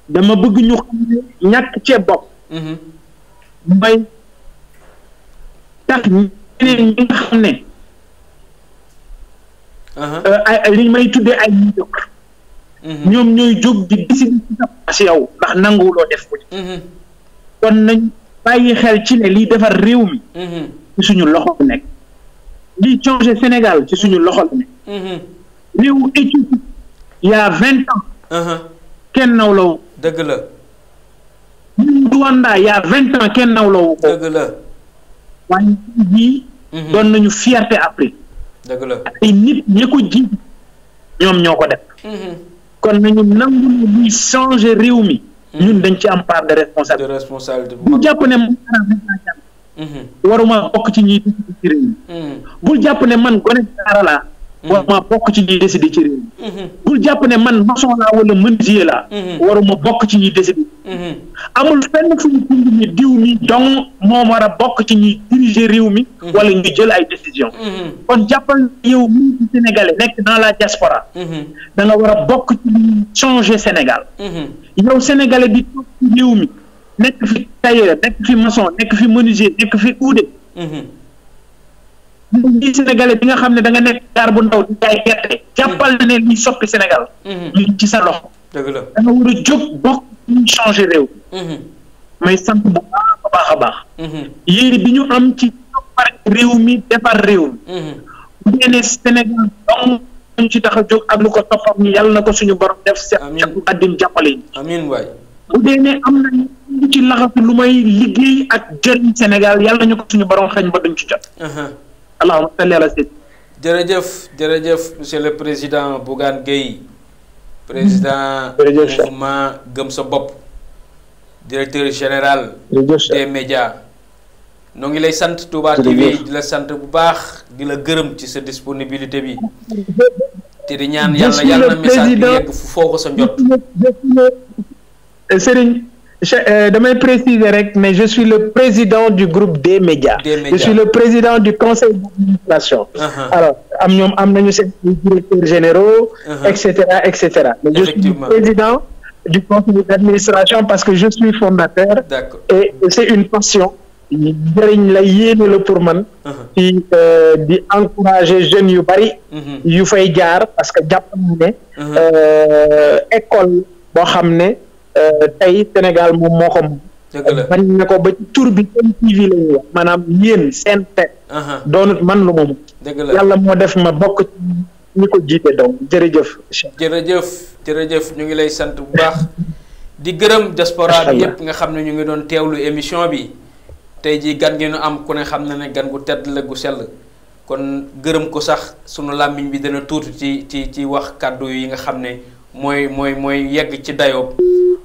dama bëgg ñu xam ne ñàkk cee bokk. mbay tax ñi nga xam ne. Euh, ay li may tuddee ay ñu mhm. ñoom ñooy jóg yow ndax nanguwuloo def ko mhm. kon nañ bàyyi xel ci defar réew mi
mhm.
suñu loxo nekk liy changer Sénégal ci suñu loxo la nekk réewu uh-huh. kenn nawlawu la Rwanda il y a vingt ans kenn nawlawu ko doon nañu fierté Afrique dëgg la ay nit ñi ko ji ñoom ñoo ko def. Mm-hmm. kon nañu nangu ne luy changer
réew mi. Mm-hmm. ñun dañ ci am part de responsabilité. de bu
jàpp ne man mm-hmm. waruma bokk ci ñi
ci
jàpp ne man gone daara laa war bokk ci ñuy décider ci réew mi mm-hmm. bul jàpp ne man maçon laa wala menuisier laa mm-hmm. waruma bokk ci ñuy décider mm-hmm. amul fenn fu ñu bind ni diw mi dong moom war a bokk ci ñuy diriger réew mi wala ñu jël ay décision kon jàppal yow mi ci sénégalais nekk dans la diaspora da nga war a bokk ci ñuy changer Sénégal
yow
sénégalais bi toog ci réew mi nekk fi tailleur nekk fi maçon nekk fi menuisier nekk fi uude lii sénégalais bi nga xam ne danga nekk gaar bu ndaw di jaay gerte jàppal na ne liy soppi Sénégal. Mhm. liñ ci sa loxo. dëgg war a jóg bokk ñu changer réew. Mhm. may sant bu baax a baax a baax.
Mhm. yéene bi
ñu am ci réew mi defar réew mi. bu dee ne Sénégal dong ñu ci tax a jóg ak lu ko toppam yàlla na ko suñu borom def. amiin seet addim jàppale amiin waay. bu dee ne am na lu ci laxatu lu may liggéey ak jëriñ Sénégal yàlla na ñu ko suñu borom xañ ba duñ ci jot.
allahumma salli jërëjëf jërëjëf monsieur le président bu Bougane Gueye président mm. mouvement gëm sa bopp directeur général des médias noo ngi lay sant Touba TV di la sant bu baax di la gërëm ci sa disponibilité bi te di ñaan yàlla yàlla message bi yegg fu sa njot
Serigne Euh, damay préciser rek mais je suis le président du groupe des médias. des je suis le président du conseil d'administration. Uh-huh. alors am ñoom am nañu seen directeurs généraux. Uh-huh. et cetera et cetera. mais je suis président du conseil d'administration parce que je suis fondateur. d'accord et c'est une passion. jëriñ la yéene la pour man. ci uh-huh. euh, di encourager jeunes yu bari. yu fay jaar parce que jàpp na euh, école boo xam ne. Euh, tey Sénégal moom moo ko moom. bañ ne ko ba tur bi seen TV la ñuy wax maanaam yéen seen teg. doonut man lu moom. yàlla moo def ma bokk ci ñi ko jiite donc jërëjëf.
jërëjëf jërëjëf ñu ngi lay sant bu baax di gërëm diaspora bi yépp nga xam ne ñu ngi doon teewlu émission bi tey ji gan ngeen am ku ne xam na ne gan gu tedd la gu sell. kon gërëm ko sax sunu làmbiñ bi dana tuuti ci ci ci wax kàddu yi nga xam ne. mooy mooy mooy yegg ci dayoo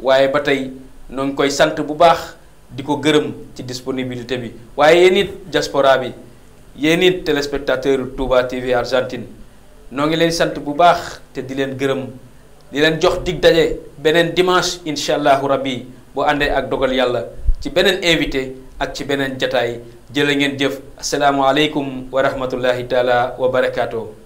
waaye ba tey noo ngi koy sant bu baax di ko gërëm ci disponibilité bi waaye yéen it diaspora bi yéen it téléspectateur Touba TV Argentine noo ngi leen sant bu baax te di leen gërëm di leen jox dig daje beneen dimanche incha allahu rabbi boo àndee ak dogal yàlla ci beneen invité ak ci beneen jataay jële ngeen jëf asalaamualeykum wa rahmatullahi taala wa barakaatu.